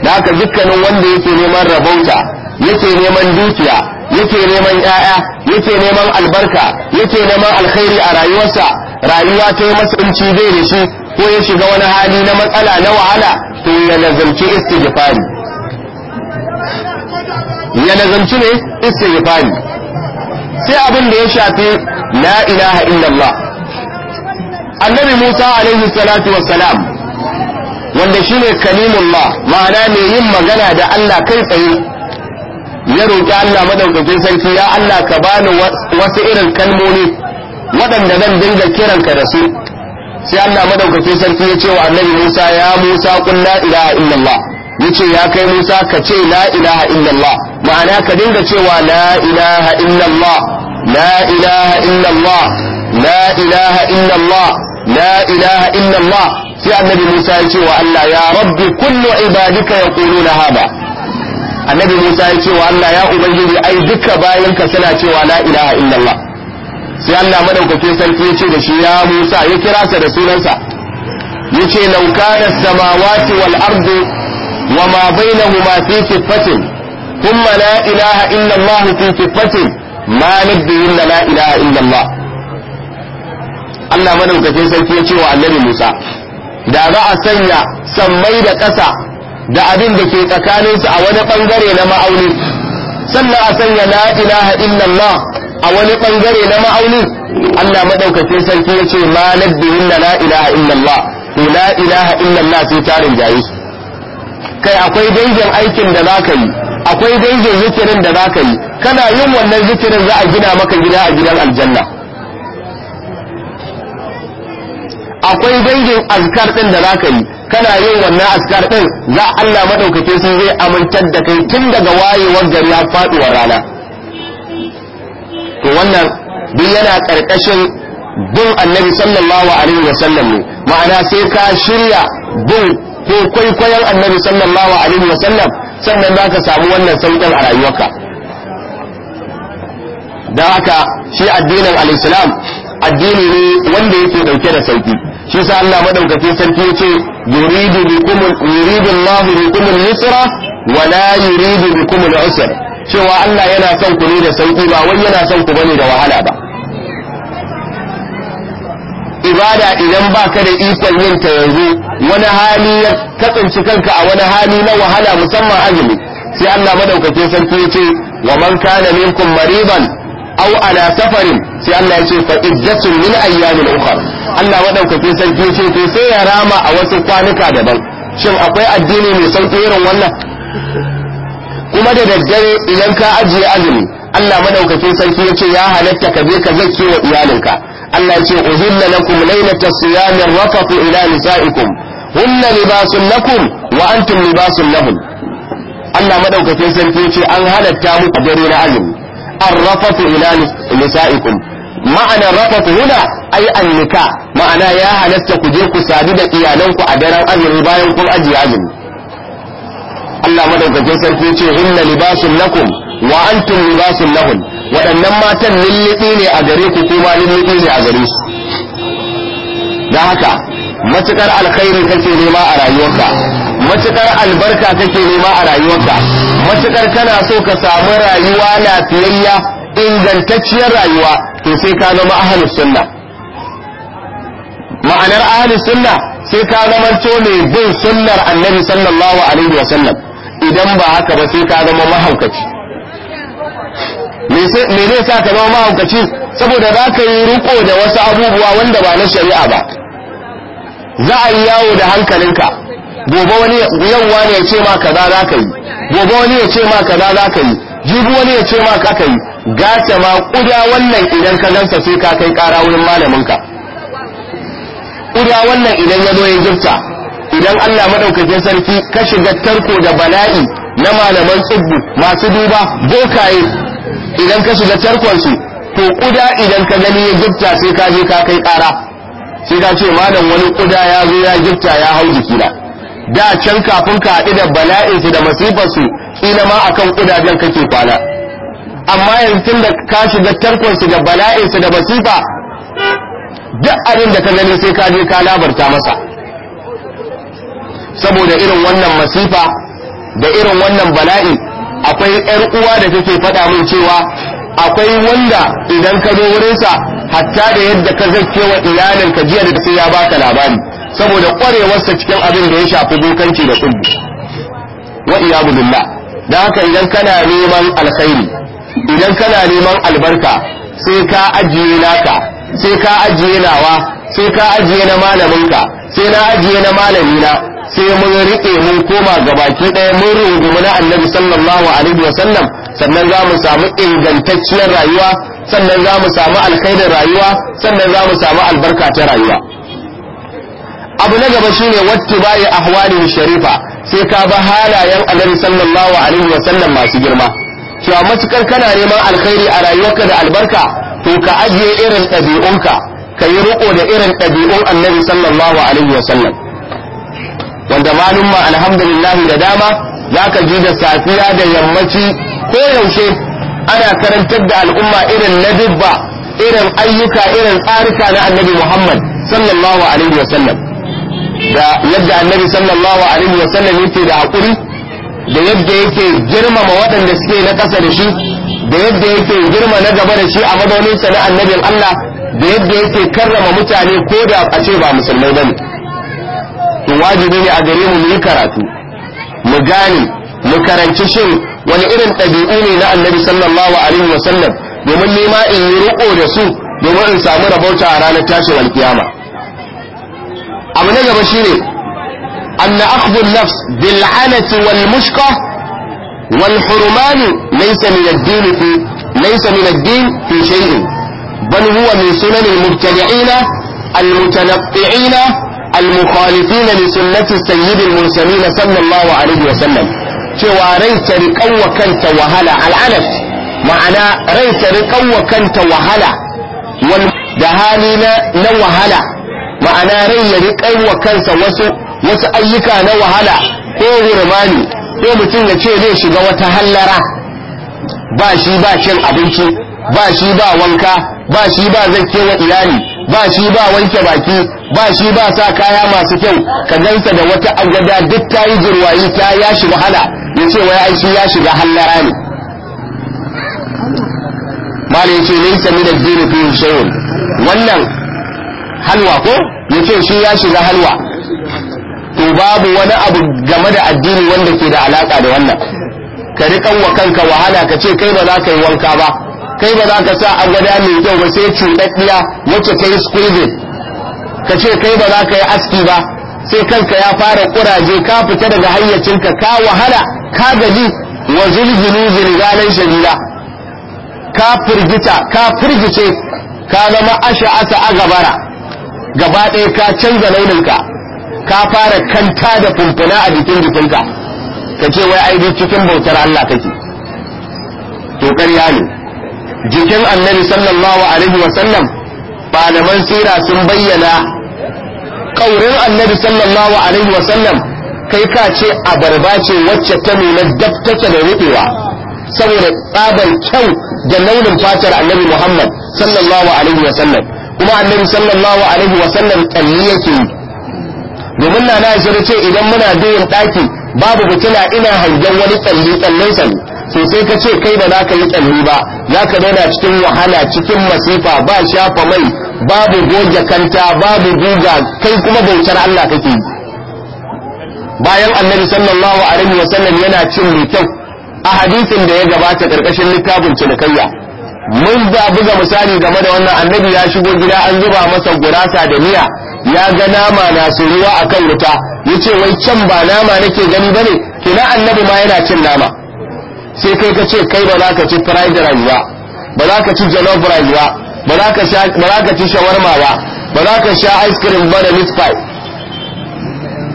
da haka dukkanin wanda yake neman rabauta yake neman dukiya yake neman ƴaƴa yake neman albarka yake neman alkhairi a rayuwarsa rayuwa ta yi masanci zai da shi ko ya shiga wani hali na matsala na wahala to ya nazarci istighfari ya nazarci ne istighfari sai abin da ya shafi la ilaha illallah annabi Musa alaihi salatu wassalam wanda shine kalimullah ma'ana mai yin magana da Allah kai tsaye ya roƙi Allah madaukakin sarki ya Allah ka bani wasu irin kalmomi waɗanda zan dinga ka da su sai Allah madaukakin sarki ya ce wa annabi Musa ya Musa kun la ilaha illallah yace ya kai Musa ka ce la ilaha illallah ma'ana ka dinga cewa la ilaha illallah la ilaha illallah la ilaha illallah la ilaha illallah sai annabi Musa ya ce wa Allah ya rabbi kullu ibadika yaquluna hada annabi Musa ya ce wa Allah ya ubangiji ai duka bayan ka suna cewa la ilaha illallah sai Allah madaukakin sarki ya ce da shi ya Musa ya kira sa da sunansa yace law kana samawati wal ardu wa ma bainahuma fi sifatin thumma la ilaha illallah fi sifatin ma nabiyyin la ilaha illallah Allah madaukakin sarki ya ce wa annabi Musa da za a sanya sammai da ƙasa da abin da ke tsakaninsu a wani bangare na ma'auni sannan a sanya la ilaha illallah a wani bangare na ma'auni Allah madaukakin sarki ya ce ma nabbihin la ilaha illallah to la ilaha illallah sai tarin jayi kai akwai dangin aikin da zaka yi akwai dangin zikirin da zaka yi kana yin wannan zikirin za a gina maka gida a gidan aljanna akwai dangin azkar din da zaka yi kana yin wannan askar din za Allah madaukakin sun zai amintar da kai tun daga wayewar gari ya faduwar rana to wannan duk yana karkashin bin annabi sallallahu alaihi sallam ne ma'ana sai ka shirya bin ko kwaikwayon annabi sallallahu alaihi sallam sannan za ka samu wannan sauƙin a rayuwarka da haka shi addinin al addini ne wanda yake dauke da sauki shi sa Allah madaukakin sarki yace yuridu bikum yuridu Allahu bikum al-yusra wa la yuridu bikum al-usra cewa Allah yana son ku ne da sauki ba wai yana son ku bane da wahala ba ibada idan ba ka da ikon yin ta yanzu wani hali ya katsinci kanka a wani hali na wahala musamman azumi sai Allah madaukakin sarki yace wa man kana minkum mariban aw ala safarin sai Allah ya ce fa iddatun min ayyamin ukhra Allah madaukake sarki ce sai ya rama a wasu kwanuka daban shin akwai addini mai sauki irin wannan kuma da daddare idan ka ajiye azumi Allah madaukake sarki ya ce ya halatta ka je ka zakke wa iyalinka Allah ya ce uhilla lakum laylata siyami rafatu ila nisaikum hunna libasun lakum wa antum libasun lahum Allah madaukakin sarki ya ce an halatta a dare na azumi الرفث إلى نسائكم معنى الرفث هنا أي النكاح معنى يا هلست كجيك ساددة إيالنك أدرا أذر باينكم أجي أجل Allah madaukakin sarki ce inna libasun lakum wa antum libasun lahum waɗannan matan lulluɓi ne a gare ku kuma lulluɓi ne a gare su da haka matukar alkhairi kake nema a rayuwarka matukar albarka kake nema a rayuwarka matukar kana so ka samu rayuwa lafiyayya ingantacciyar rayuwa to sai ka zama ahlus sunna ma'anar ahlus sunna sai ka zamanto ne bin sunnar annabi sallallahu alaihi wasallam idan ba haka ba sai ka zama mahaukaci me zai sa ka zama mahaukaci saboda za ka yi riko da wasu abubuwa wanda ba na shari'a ba za a yi yawo da hankalinka gobe wani yawwa ne ya ce ma kaza za ka yi gobe wani ya ce ma kaza za ka yi jibi wani ya ce ma ka ka yi gata ma kuda wannan idan ka gansa sai ka kai kara wurin malamin ka kuda wannan idan ya zo ya jirta idan Allah madaukakin sarki ka shiga tarko da bala'i na malaman tsibbu masu duba bokaye idan ka shiga tarkon su to kuda idan ka gani ya jirta sai ka je ka kai kara sai ka ce malam wani kuda ya zo ya jirta ya hau jikina da can kafin ka haɗu da bala'insu da masifarsu kila ma kan kudajen kake kwana amma yanzu tun da ka shiga tarkonsu da bala'insu da masifa duk abin da ka gani sai ka je ka labarta masa saboda irin wannan masifa da irin wannan bala'i akwai yar uwa da take faɗa min cewa akwai wanda idan ka zo wurinsa hatta da yadda ka zakewa wa iyalinka jiya da sai ya baka labari saboda kwarewarsa cikin abin da ya shafi dokanci da kullu wa iyyabu billah dan haka idan kana neman alkhairi idan kana neman albarka sai ka ajiye naka sai ka ajiye nawa sai ka ajiye na malaminka sai na ajiye na malamina sai mun rike mun koma gabaki ɗaya mun rungumi na annabi sallallahu alaihi wa sallam sannan za mu samu ingantacciyar rayuwa sannan za mu samu alkhairin rayuwa sannan za mu samu albarka ta rayuwa abu na gaba shine wattiba'i ahwalihi sharifa sai ka ba halayen annabi sallallahu alaihi wa sallam masu girma cewa matukar kana neman alkhairi a rayuwarka da albarka to ka ajiye irin ɗabi'unka ka yi riko da irin ɗabi'un annabi sallallahu alaihi wa sallam wanda malum ma alhamdulillah da dama zaka ji da safiya da yammaci ko yaushe ana karantar da al'umma irin nadibba irin ayyuka irin tsarika na annabi muhammad sallallahu alaihi wa sallam da yadda annabi sallallahu alaihi wa sallam yake da hakuri da yadda yake girmama waɗanda suke na ƙasa da shi da yadda yake girma na gaba da shi a sa na annabin Allah da yadda yake karrama mutane ko da a ce ba musulmai bane to wajibi ne a gare mu muyi yi karatu mu gani mu karanci shin wani irin ɗabi'u ne na annabi sallallahu alaihi wa sallam domin nima in yi riƙo da su domin in samu rabauta a ranar tashin alkiyama abu na gaba shine anna akhdhu an-nafs bil 'anati wal mushqa wal hurman laysa min ad-din fi laysa min ad-din fi shay'in bal huwa min sunan al-mubtadi'in al-mutanaqqi'in al-mukhalifin li sunnati sayyid al-mursalin sallallahu alaihi wa sallam cewa rai ta riƙan wa kanta wahala al'anat ma'ana rai ta riƙan wa kanta wahala da hali na wahala ma'ana rai ya riƙar wa kansa wasu wasu ayyuka na wahala ko gurmani ko mutum ya ce zai shiga wata hallara ba shi ba cin abinci ba shi ba wanka ba shi ba zakke wa iyali ba shi ba wanke baki ba shi ba sa kaya masu kyau ka gansa da wata agada duk ta yi jirwayi ta ya shi wahala ya ce wai ai shi ya shiga hallara ne malai ce laisa da ad-din fi shay'un wannan halwa ko ya shi ya shiga halwa to babu wani abu game da addini wanda ke da alaka da wannan ka riƙan wa kanka wahala ka ce kai ba za ka yi wanka ba kai ba za ka sa agwada mai kyau ba sai cuɗaɗɗiya wacce ta yi squeezing ka ce kai ba za ka yi aski ba sai kanka ya fara ƙuraje ka fita daga hayyacinka ka wahala ka gaji wa zulgini zirgalan shadida ka firgita ka firgice ka zama asha asa agabara gaba ɗaya ka canza launinka ka fara kanta da fumfuna a jikin jikinka ka ce wai ai cikin bautar Allah kake to ƙarya ne jikin annabi sallallahu alaihi wa sallam malaman sira sun bayyana kaurin annabi sallallahu alaihi wa sallam kai ka ce abarba ce wacce ta nuna dab take da rubewa saboda tsabar kyau da launin fatar annabi Muhammad sallallahu alaihi wa sallam kuma annabi sallallahu alaihi wa sallam kalli yake yi domin na na isa ce idan muna biyan daki babu fitila ina hangen wani tsalle tsallin sa to sai ka ce kai ba za ka yi tsalle ba za ka daina cikin wahala cikin masifa ba shafa mai babu goge kanta babu guga kai kuma bautar Allah kake yi bayan annabi sallallahu alaihi wa sallam yana cin mai a hadisin da ya gabata karkashin littafin cinikayya mun da buga misali game da wannan annabi ya shigo gida an zuba masa gurasa da miya ya ga nama na soyuwa kan wuta yace wai can ba nama nake gani bane kina annabi ma yana cin nama sai kai ka ce kai ba za ka ci fried rice ba ba za ka ci jollof rice ba ba za ka sha ba za ka ci shawarma ba ba za ka sha ice cream ba da meat pie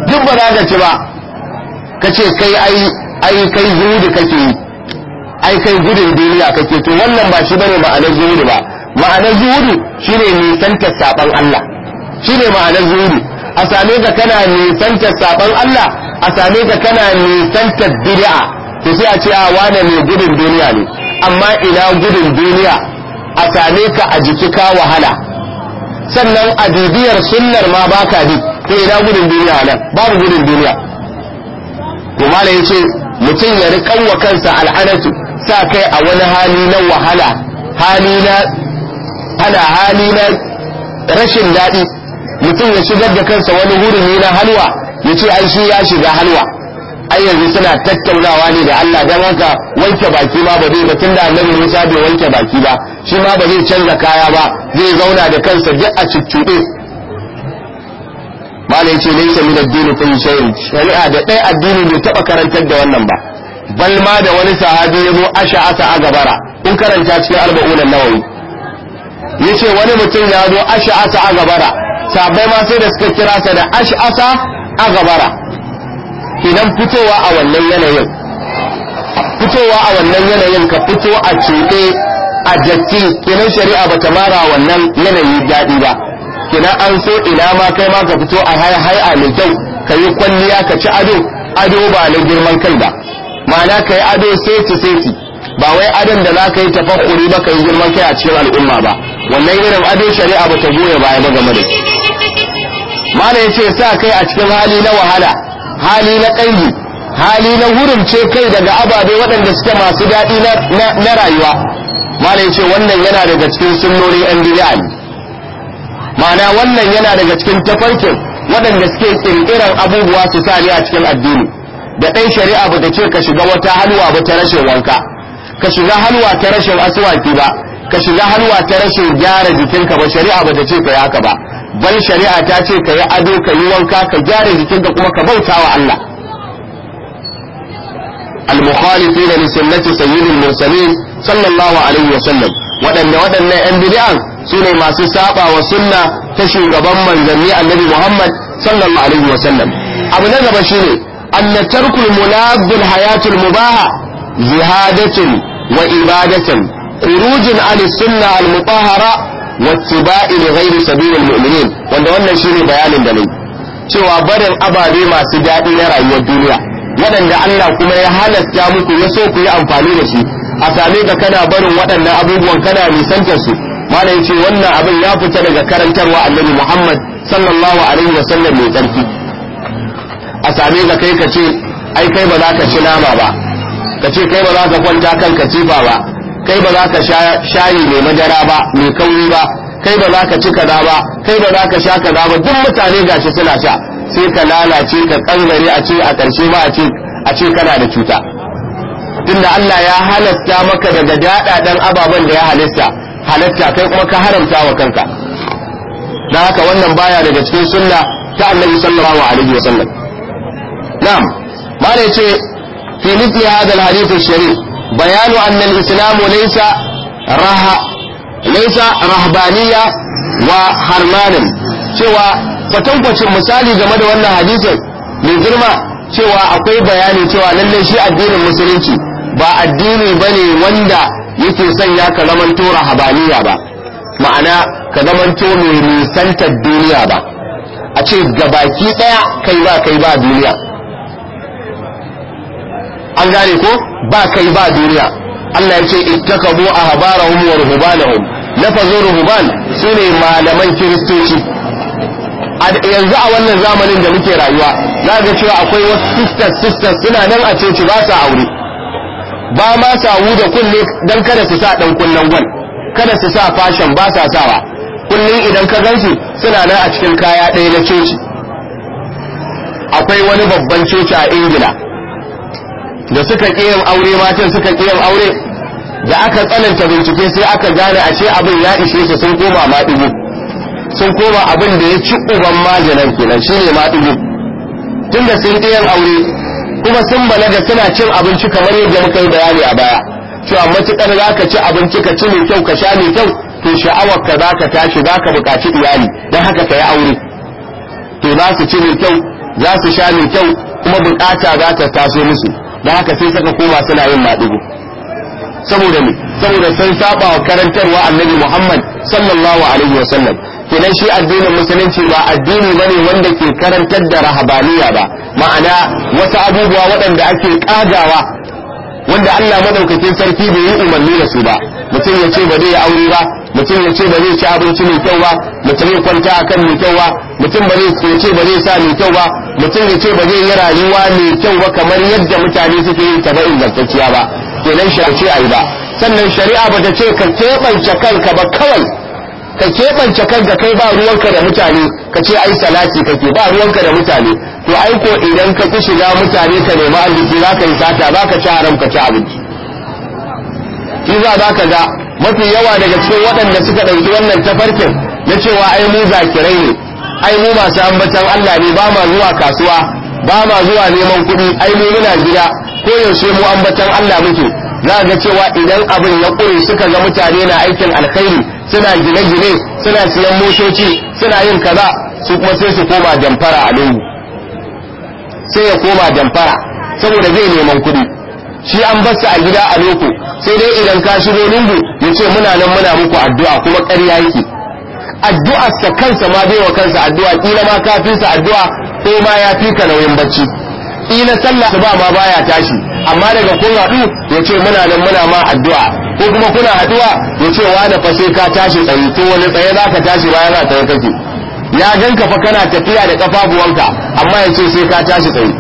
duk ba za ka ci ba ka ce kai ai ai kai zuri kake yi ai kai gudun duniya kake to wannan ba shi bane ma'anar zuhudu ba ma'anar zuhudu shine nisantar saban Allah shine ma'anar zuhudu a same ka kana nisantar saban Allah a same ka kana nisantar bid'a to sai a ce a wane ne gudun duniya ne amma ina gudun duniya a same ka a jiki ka wahala sannan a bibiyar sunnar ma baka bi to ina gudun duniya nan babu gudun duniya kuma malai yace mutum ya riƙan wa kansa al'anatu sa kai a wani hali na wahala hali na hana hali na rashin daɗi mutum ya shigar da kansa wani hurumi na halwa ya ce an shi ya shiga halwa ai yanzu suna tattaunawa ne da Allah don haka wanke baki ma ba zai ba tunda annabi Musa bai wanke baki ba shi ma ba zai canza kaya ba zai zauna da kansa duk a cuccuɗe malai ce laisa min addini kun shay'in shari'a da ɗaya addini bai taɓa karantar da wannan ba bal ma da wani sahabi ya zo asha asa a gabara in karanta cikin arba'unan nawawi ya ce wani mutum ya zo asha asa a gabara sabai ma sai da suka kira sa da asha asa a gabara idan fitowa a wannan yanayin fitowa a wannan yanayin ka fito a cuɗe a datti kinan shari'a ba ta mara wannan yanayi daɗi ba Kina an so ina ma kai ma ka fito a haya haya mai kyau ka yi kwalliya ka ci ado ado ba na girman kai ba ma'ana ka yi ado seti seti ba wai adon da za ka yi tafakkuri ba ka yi girman kai a cikin al'umma ba wannan irin ado shari'a ba ta goya baya ba game da shi ce yace sa kai a cikin hali na wahala hali na kangi hali na ce kai daga ababe waɗanda suke masu daɗi na rayuwa Ma'ana ya ce wannan yana daga cikin sunnonin yan bid'a ma'ana wannan yana daga cikin tafarkin waɗanda suke kirkiran abubuwa su sa ne a cikin addini da ɗan shari'a ba ta ce ka shiga wata halwa ba ta rashin wanka ka shiga halwa ta rashin asuwaki ba ka shiga halwa ta rashin gyara jikinka ba shari'a ba ta ce ka yi haka ba bal shari'a ta ce ka yi ado ka yi wanka ka gyara jikinka kuma ka bauta wa Allah al-mukhalifina li sunnati sayyidil mursalin sallallahu alaihi wa sallam waɗanda waɗannan yan bid'an su ne masu saba wa sunna ta shugaban manzanni annabi Muhammad sallallahu alaihi wa abu na gaba shine anna tarkul mulabbil hayatul mubaha zihadatun wa ibadatun khurujun an sunna al mutahhara wa ittiba'i li ghairi sabilil wanda wannan shine bayanin da nayi cewa barin ababe masu daɗi na rayuwar duniya waɗanda Allah kuma ya halasta muku ya so ku yi amfani da shi a same ka kana barin waɗannan abubuwan kana nisantar su malam ce wannan abin ya fita daga karantarwa annabi Muhammad sallallahu alaihi sallam mai tsarki a same ka kai ka ce ai kai ba za ka ci nama ba ka ce kai ba za ka kwanta kan katifa ba kai ba za ka shayi mai madara ba mai kauri ba kai ba za ka ci kaza ba kai ba za ka sha kaza ba duk mutane gashi suna sha sai ka lalace ka kangare a ce a ƙarshe ba a ce a ce kana da cuta tunda Allah ya halasta maka daga daɗaɗan ababen da ya halitta halatta kai kuma ka haramta wa kanka dan haka wannan baya daga cikin sunna ta annabi sallallahu alaihi wasallam na'am mala yace fi mithli hadha alhadith alsharif bayanu anna alislam laysa raha rahbaniya wa harmanin cewa fatankwacin misali game da wannan hadisin mai girma cewa akwai bayani cewa lallai shi addinin musulunci ba addini bane wanda yake sanya ka zamanto rahabaniya ba ma'ana ka zamanto mai nisantar duniya ba a ce baki ɗaya kai ba kai ba duniya an gane ko ba kai ba duniya Allah ya ce ittakabu ahbarahum wa ruhbanahum lafazu ruhban sune malaman kiristoci yanzu a wannan zamanin da muke rayuwa za ga cewa akwai wasu sisters sisters suna nan a ceci ba sa aure ba ma sa da kulle dan kada su sa dan kunnen gwal kada su sa fashion ba sa sawa kullum idan ka gansu suna nan a cikin kaya ɗaya na coci akwai wani babban coci a ingila da suka yin aure matan suka yin aure da aka tsananta bincike sai aka gane a ce abin ya ishe su sun koma maɗigo sun koma abin da ya ci uban majalan kenan shine maɗigo tun da sun yin aure kuma sun balaga suna cin abinci kamar yadda muka yi bayani a baya cewa matuƙar za ka ci abinci ka ci mai kyau ka sha mai kyau to sha'awar ka za ka tashi za ka buƙaci iyali don haka ka yi aure to za su ci mai kyau za su sha mai kyau kuma bukata za ta taso musu da haka sai saka koma suna yin maɗigo saboda ne saboda sun saba wa karantarwa annabi Muhammad sallallahu alaihi wa sallam kenan shi addinin musulunci ba addini bane wanda ke karantar da rahabaniya ba ma'ana wasu abubuwa waɗanda ake ƙagawa. wanda Allah madaukakin sarki bai yi umarni da su ba mutum ya ce ba zai aure ba mutum ya ce ba zai ci abinci mai kyau ba mutum ya kwanta akan mai kyau ba mutum ba zai ce ba zai sa mai kyau ba mutum ya ce ba zai yi rayuwa mai kyau ba kamar yadda mutane suke yin ta ba ingantacciya ba kenan shari'a ce ayi ba sannan shari'a ba ta ce ka keɓance kanka ba kawai ka keɓance kanka kai ba ruwanka da mutane ka ce ai salati kake ba ruwanka da mutane to ai ko idan ka ki shiga mutane ka nemi arziki za ka yi sata za ka ci haram ka ci abinci shi za za ka ga mafi yawa daga cikin waɗanda suka ɗauki wannan tafarkin na cewa ai mu zakirai ne ai mu masu ambatan Allah ne ba ma zuwa kasuwa ba ma zuwa neman kuɗi ai mu muna gida ko yaushe mu ambatan Allah muke za ga cewa idan abin ya ƙure suka ga mutane na aikin alkhairi suna gine-gine suna siyan motoci suna yin kaza su kuma sai su koma jamfara a lungu sai ya koma jamfara saboda zai neman kuɗi shi an basu a gida a loko sai dai idan ka shigo lungu ya ce muna nan muna muku addu'a kuma ƙarya yake addu'arsa kansa ma bai wa kansa addu'a kila ma kafinsa addu'a ko ma ya fi ka nauyin bacci ila sallah ba ma baya tashi amma daga kun haɗu ya ce muna nan muna ma addu'a ko kuma kuna haɗuwa ya ce da fa sai ka tashi tsaye to wani tsaye za ka tashi bayan za tsaye kake ya ganka fa kana tafiya da kafafuwanka amma ya ce sai ka tashi tsaye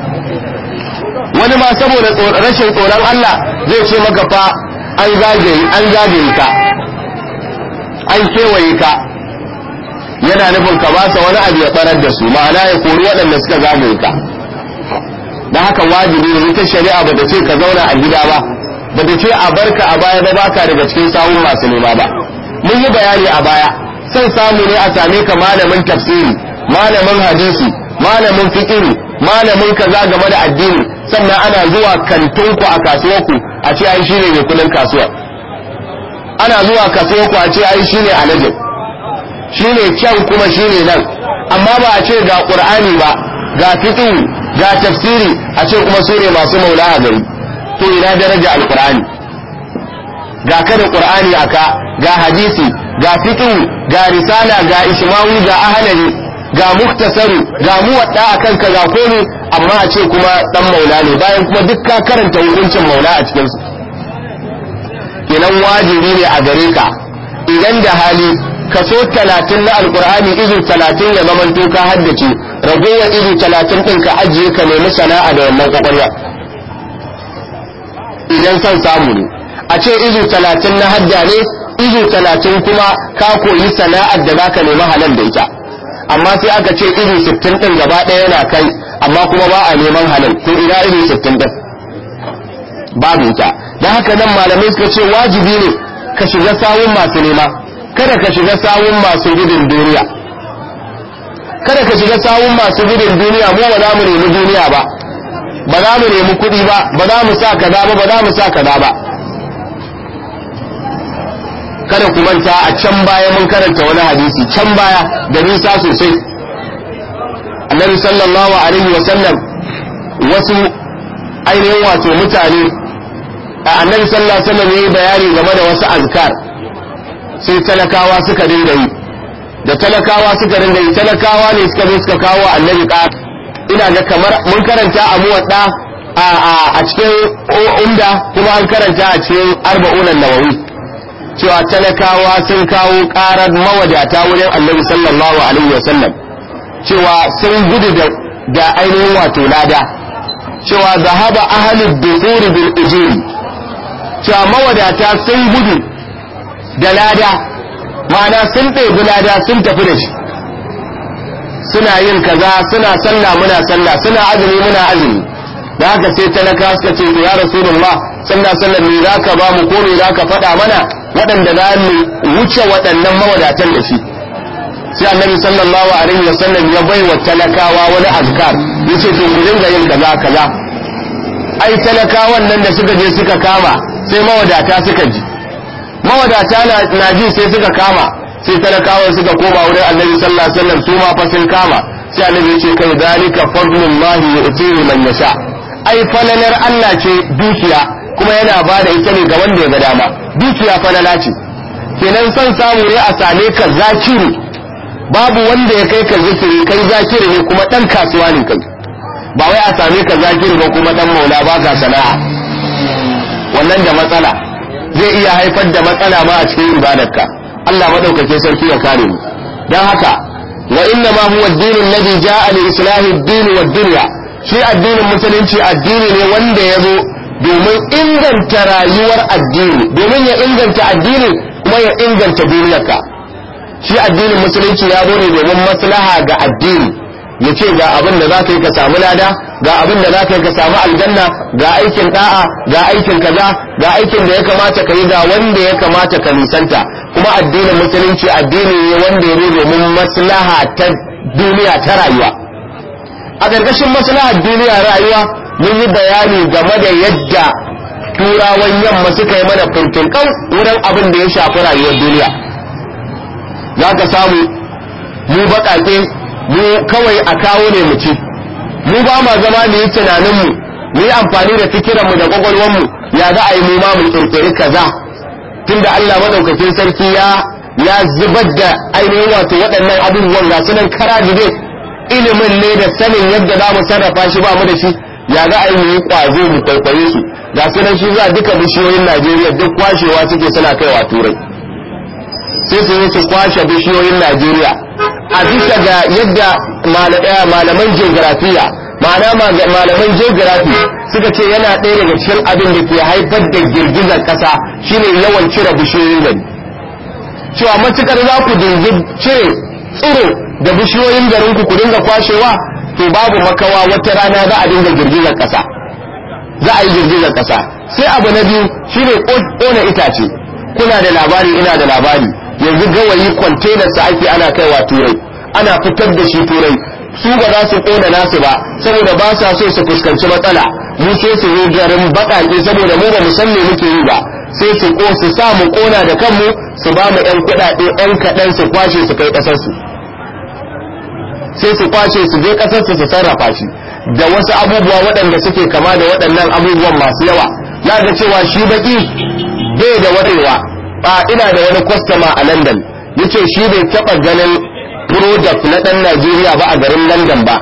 wani ma saboda rashin tsoron Allah zai ce maka fa an zage an zage ka an kewaye ka yana nufin ka ba sa wani abu ya farar da su ma'ana ya kori waɗanda suka zagaye ka da haka wajibi ne ta shari'a ba ta ce ka zauna a gida ba ba ta ce a barka a baya ba baka daga cikin sawun masu nema ba mun yi bayani a baya sai samu ne a same ka malamin tafsiri malamin hadisi malamin fikiri malamin kaza game da addini sannan ana zuwa ku a kasuwar ku a ce ai shine mai kudin kasuwa ana zuwa kasuwar ku a ce ai shine alajin shine kyan kuma shine nan amma ba a ce ga qur'ani ba ga fitu ga tafsiri a ce kuma sune masu maula a gari to ina daraja alkur'ani ga kada qur'ani aka ga hadisi ga fiqh ga risala ga ishmawi ga ahlali ga muktasaru ga muwadda akan ka ga komai amma a ce kuma dan maula ne bayan kuma duk ka karanta hukuncin maula a cikin su kenan wajibi ne a gare ka idan da hali kaso talatin na alkur'ani izu talatin ya to ka haddace ragowar izu talatin ɗin ka ajiye ka nemi sana'a da wannan ƙwaƙwalwa. idan son samu ne a ce izu talatin na hadda ne izu talatin kuma ka koyi sana'ar da zaka nemi halal da ita amma sai aka ce izu sittin ɗin gaba ɗaya yana kai amma kuma ba a neman halal ko ina izu sittin ɗin babu ita don haka nan malamai suka ce wajibi ne ka shiga sawun masu nema kada ka shiga sawun masu gudun duniya kada ka shiga sawun masu gudun duniya mu ba za mu nemi duniya ba ba za mu nemi kuɗi ba ba za mu sa kaza ba ba za mu sa kaza ba kada ku manta a can baya mun karanta wani hadisi can baya da nisa sosai annabi sallallahu alaihi wa sallam wasu ainihin wato mutane a annabi sallallahu alaihi wa sallam yayi bayani game da wasu azkar sai talakawa suka dinga yi da talakawa suka dinga yi talakawa ne suka zo suka kawo annabi ka ina ga kamar mun karanta a muwadda a cikin umda kuma an karanta a cikin arba'unan nawawi cewa talakawa sun kawo karar mawadata wurin annabi sallallahu alaihi wasallam cewa sun gudu da ainihin wato lada cewa zahaba ahalul dufuri bil ujuri cewa mawadata sun gudu da lada ma'ana sun ɗebi lada sun tafi da shi suna yin kaza suna sallah muna sallah suna azumi muna azumi da haka sai talaka suka ce ya rasulullah sallah sallah me za ka ba mu ko me za ka faɗa mana waɗanda za mu wuce waɗannan mawadatan da shi sai annabi sallallahu alaihi wa sallam ya bai wa talakawa wani azkar yace to ku dinga yin kaza kaza ai talakawan nan da suka je suka kama sai mawadata suka ji mawadata na ji sai suka kama sai talakawa suka koma wurin annabi sallallahu alaihi wasallam su ma fa sun kama sai annabi ya ce kai zalika fadlullahi yu'tihi man yasha ai falalar Allah ce dukiya kuma yana ba da ita ne ga wanda ya ga dama dukiya falala ce kenan son samu ne a same ka zakiri babu wanda ya kai ka zikiri kai zakiri ne kuma dan kasuwa ne kai ba wai a same ka zakiri ba kuma dan maula ba ga sana'a wannan da matsala zai iya haifar da matsala ma a cikin ibadarka Allah madaukake sarki ya kare mu dan haka wa inna ma huwa ad dinu alladhi ja'a li islahi ad-din wa dunya shi addinin musulunci addini ne wanda ya zo domin inganta rayuwar addini domin ya inganta addini kuma ya inganta duniyarka shi addinin musulunci ya zo ne domin maslaha ga addini ya ce ga abin da za ka yi ka samu lada ga abin da za ka yi ka samu aljanna ga aikin da'a ga aikin kaza ga aikin da ya kamata ka yi ga wanda ya kamata ka nisanta kuma addinin musulunci addini ne wanda ya domin maslaha ta duniya ta rayuwa a ƙarƙashin maslaha duniya rayuwa mun yi bayani game da yadda turawan yamma suka yi mana fintinkan wurin abin da ya shafi rayuwar duniya za ka samu mu baƙaƙe mu kawai a kawo ne mu ci mu ba ma zama mu yi tunanin mu mu yi amfani da fikiran mu da kwakwalwar mu ya za a yi mu ma mu kirkiri kaza tunda Allah madaukakin sarki ya ya zubar da ainihin wato waɗannan abubuwan ga sunan kara ilimin ne da sanin yadda za mu sarrafa shi ba mu da shi ya za a yi mu yi kwazo mu kwaikwaye su ga sunan shi za duka bishiyoyin Najeriya duk kwashewa suke suna kaiwa turai sai su yi su kwashe bishiyoyin Najeriya a bisa ga yadda eh, malaman geografiya ma'ana malaman geografi suka ce yana ɗaya daga cikin abin da ke haifar da girgizar ƙasa shine yawan cire bishiyoyin gari cewa matukar za ku dingi cire tsiro da bishiyoyin garinku ku dinga kwashewa to babu makawa wata rana za a dinga girgizar ƙasa za a yi girgizar ƙasa sai abu na biyu shine ƙona itace kuna da labari ina da labari yanzu gawayi kwantenar sa ake ana kaiwa turai ana fitar da shi turai su ba za su kona nasu ba saboda ba sa so su fuskanci matsala mu sai su yi garin baƙaƙe saboda mu ba san me muke yi ba sai su ko su sa mu kona da kanmu su ba mu ɗan kuɗaɗe ɗan kaɗan su kwashe su kai ƙasarsu sai su kwashe su je ƙasarsu su sarrafa shi da wasu abubuwa waɗanda suke kama da waɗannan abubuwan masu yawa na ga cewa shi baƙi bai da waɗewa ba ina da wani kwastama a london yace shi bai taba ganin product na dan najeriya ba a garin london ba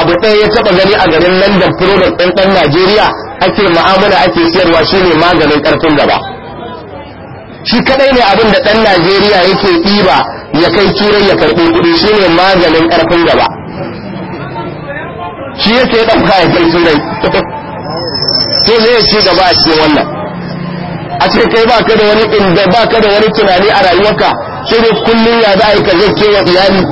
abu ɗaya ya taba gani a garin london product ɗin dan najeriya ake mu'amala ake siyarwa shine maganin karfin gaba shi kadai ne abin da dan najeriya yake ɗiba ya kai turai ya karɓi kuɗi shine maganin karfin gaba shi yake ɗauka ya kai turai sai zai ci gaba a cikin wannan a ce kai ba ka da wani inda ba ka da wani tunani a rayuwarka sai dai kullum ya za a yi ka wa iyali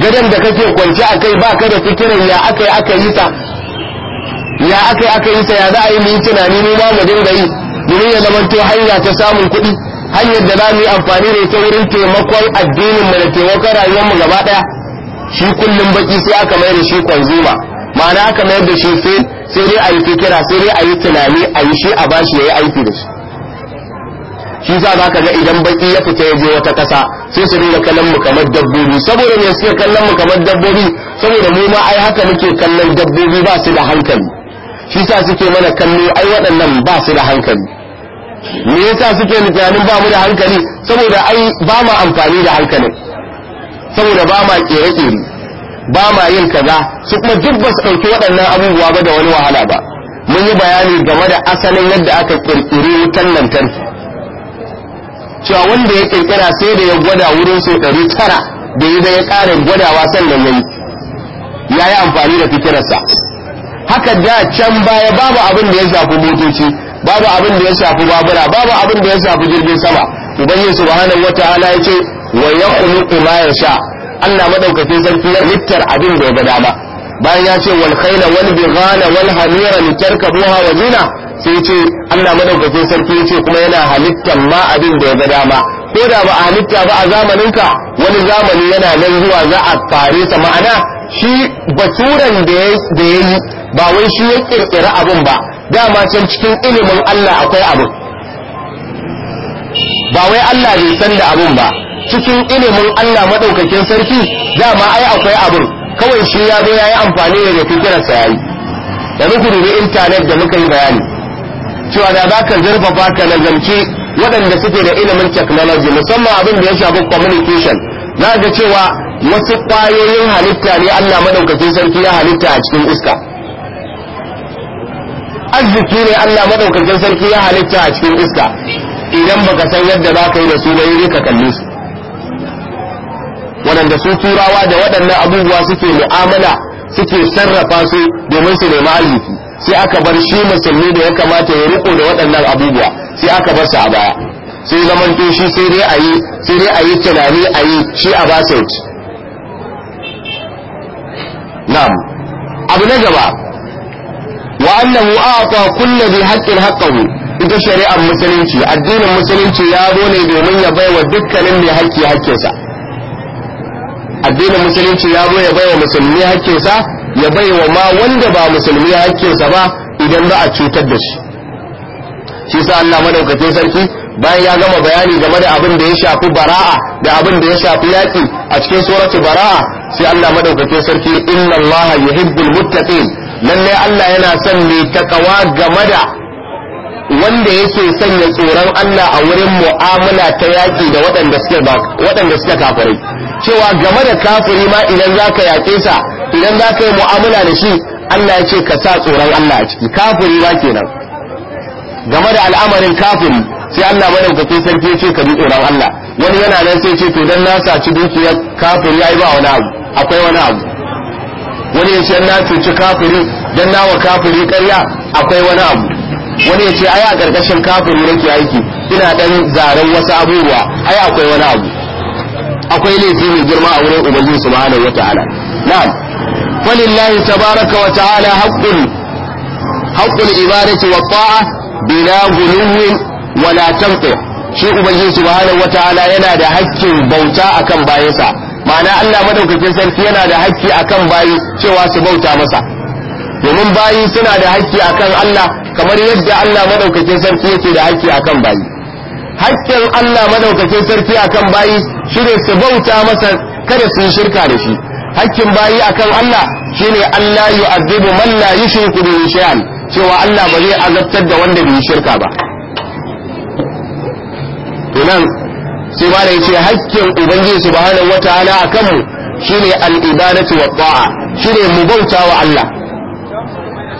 gadon da kake kwance a kai ba ka da fikirin ya aka yi aka yi ta ya aka yi aka yi ta ya za a yi mu tunani ne ba mu dinga yi domin ya zama to hanya ta samun kuɗi hanyar da za mu yi amfani da ita wurin taimakon addinin mu da taimakon rayuwarmu mu gaba ɗaya shi kullum baki sai aka mai da shi kwanzuma ma'ana aka mayar da shi sai dai a yi fikira sai dai a yi tunani a yi shi a bashi ya yi aiki da shi shi za ka ga idan baki ya fita ya je wata kasa sai su dinga kallon mu kamar dabbobi saboda me suke kallon mu kamar dabbobi saboda mu ma ai haka muke kallon dabbobi ba su da hankali shi sa suke mana kallo ai waɗannan ba su da hankali me yasa suke tunanin ba mu da hankali saboda ai ba ma amfani da hankali saboda ba ma kere-kere ba ma yin kaza su kuma duk ba su ɗauki waɗannan abubuwa ba da wani wahala ba mun yi bayani game da asalin yadda aka ƙirƙiri wutan lantarki cewa wanda ya ƙirƙira sai da ya gwada wurin sau ɗari tara da ya ya ƙara gwadawa sannan ya ya yi amfani da fikirarsa haka da can baya babu abin da ya shafi motoci babu abin da ya shafi babura babu abin da ya shafi jirgin sama ubangiji subhanahu wataala ya ce wa yakhluqu ma yasha Allah madaukakin sarki ya littar abin da ya ga dama bayan ya ce wal khayla wal bighala wal hamira tarkabuha wa zina sai ce Allah madaukakin sarki ya ce kuma yana halittar ma abin da ya ga dama ko da ba a halitta ba a ka wani zamani yana nan zuwa za a fare sa ma'ana shi baturan da ya yi ba wai shi ya kirkira abin ba dama can cikin ilimin Allah akwai abu ba wai Allah bai san da abin ba cikin ilimin Allah madaukakin sarki dama ai akwai abin kawai shi ya zo ya yi amfani da fikiran sa yayi da muku rubi intanet da muka yi bayani cewa da za ka zurfafa ka nazarci waɗanda suke da ilimin technology musamman abin da ya shafi communication na ga cewa wasu ƙwayoyin halitta ne Allah madaukakin sarki ya halitta a cikin iska arziki ne Allah madaukakin sarki ya halitta a cikin iska idan baka san yadda za ka yi da su ba ka kalli su waɗanda su turawa da waɗannan abubuwa suke mu'amala suke sarrafa su domin su nemi arziki sai aka bar shi musulmi da ya kamata ya riko da waɗannan abubuwa sai aka bar su a baya sai zaman to shi sai dai a yi sai dai a tunani a yi shi a ba su na'am abu na gaba wa annahu a'ta kullu bi haqqin haqqahu ita shari'ar musulunci addinin musulunci ya zo ne domin ya baiwa dukkanin mai haƙƙi haƙƙinsa addinin musulunci ya zo ya baiwa musulmi hakkinsa ya baiwa ma wanda ba musulmi hakkinsa ba idan ba a cutar da shi shi sa Allah madaukakin sarki bayan ya gama bayani game da abin da ya shafi bara'a da abin da ya shafi yaki a cikin suratu bara'a sai Allah madaukakin sarki inna Allah yuhibbul muttaqin lalle Allah yana son mai takawa game da wanda yake sanya tsoron Allah a wurin mu'amala ta yaƙi da waɗanda suke ba waɗanda suke kafirai cewa game da kafiri ma idan zaka yaƙe sa idan zaka yi mu'amala da shi Allah ya ce ka sa tsoron Allah a ciki kafiri ba kenan game da al'amarin kafiri sai Allah madaukakin sarki ya ce ka bi tsoron Allah wani yana nan sai ce to dan na saci dukiyar kafiri yayi ba wani abu akwai wani abu wani ya ce na cuci kafiri dan na wa kafiri ƙarya akwai wani abu wani ya ce ai a karkashin kafin nake aiki ina dan zarar wasu abubuwa ai akwai wani abu akwai laifi mai girma a wurin ubangiji subhanahu wataala na'am walillahi tabaraka wa ta'ala haqqul haqqul ibadati wa ta'a bila ghuluwin wala tanqih shi ubangiji subhanahu wataala yana da haƙƙin bauta akan bayansa ma'ana Allah madaukakin sarki yana da haƙƙi akan bayi cewa su bauta masa domin bayi suna da haƙƙi akan Allah kamar yadda Allah madaukakin sarki yake da haƙƙi akan bayi haƙƙin Allah madaukakin sarki akan bayi shine su bauta masa kada su shirka da shi haƙƙin bayi akan Allah shine Allah yu'adhibu man la yushriku bi shay'an cewa Allah ba zai azabtar da wanda bai shirka ba Inan sai ma yace haƙƙin ubangiji subhanahu wataala akan mu shine al-ibadatu wa ta'a shine mu bauta wa Allah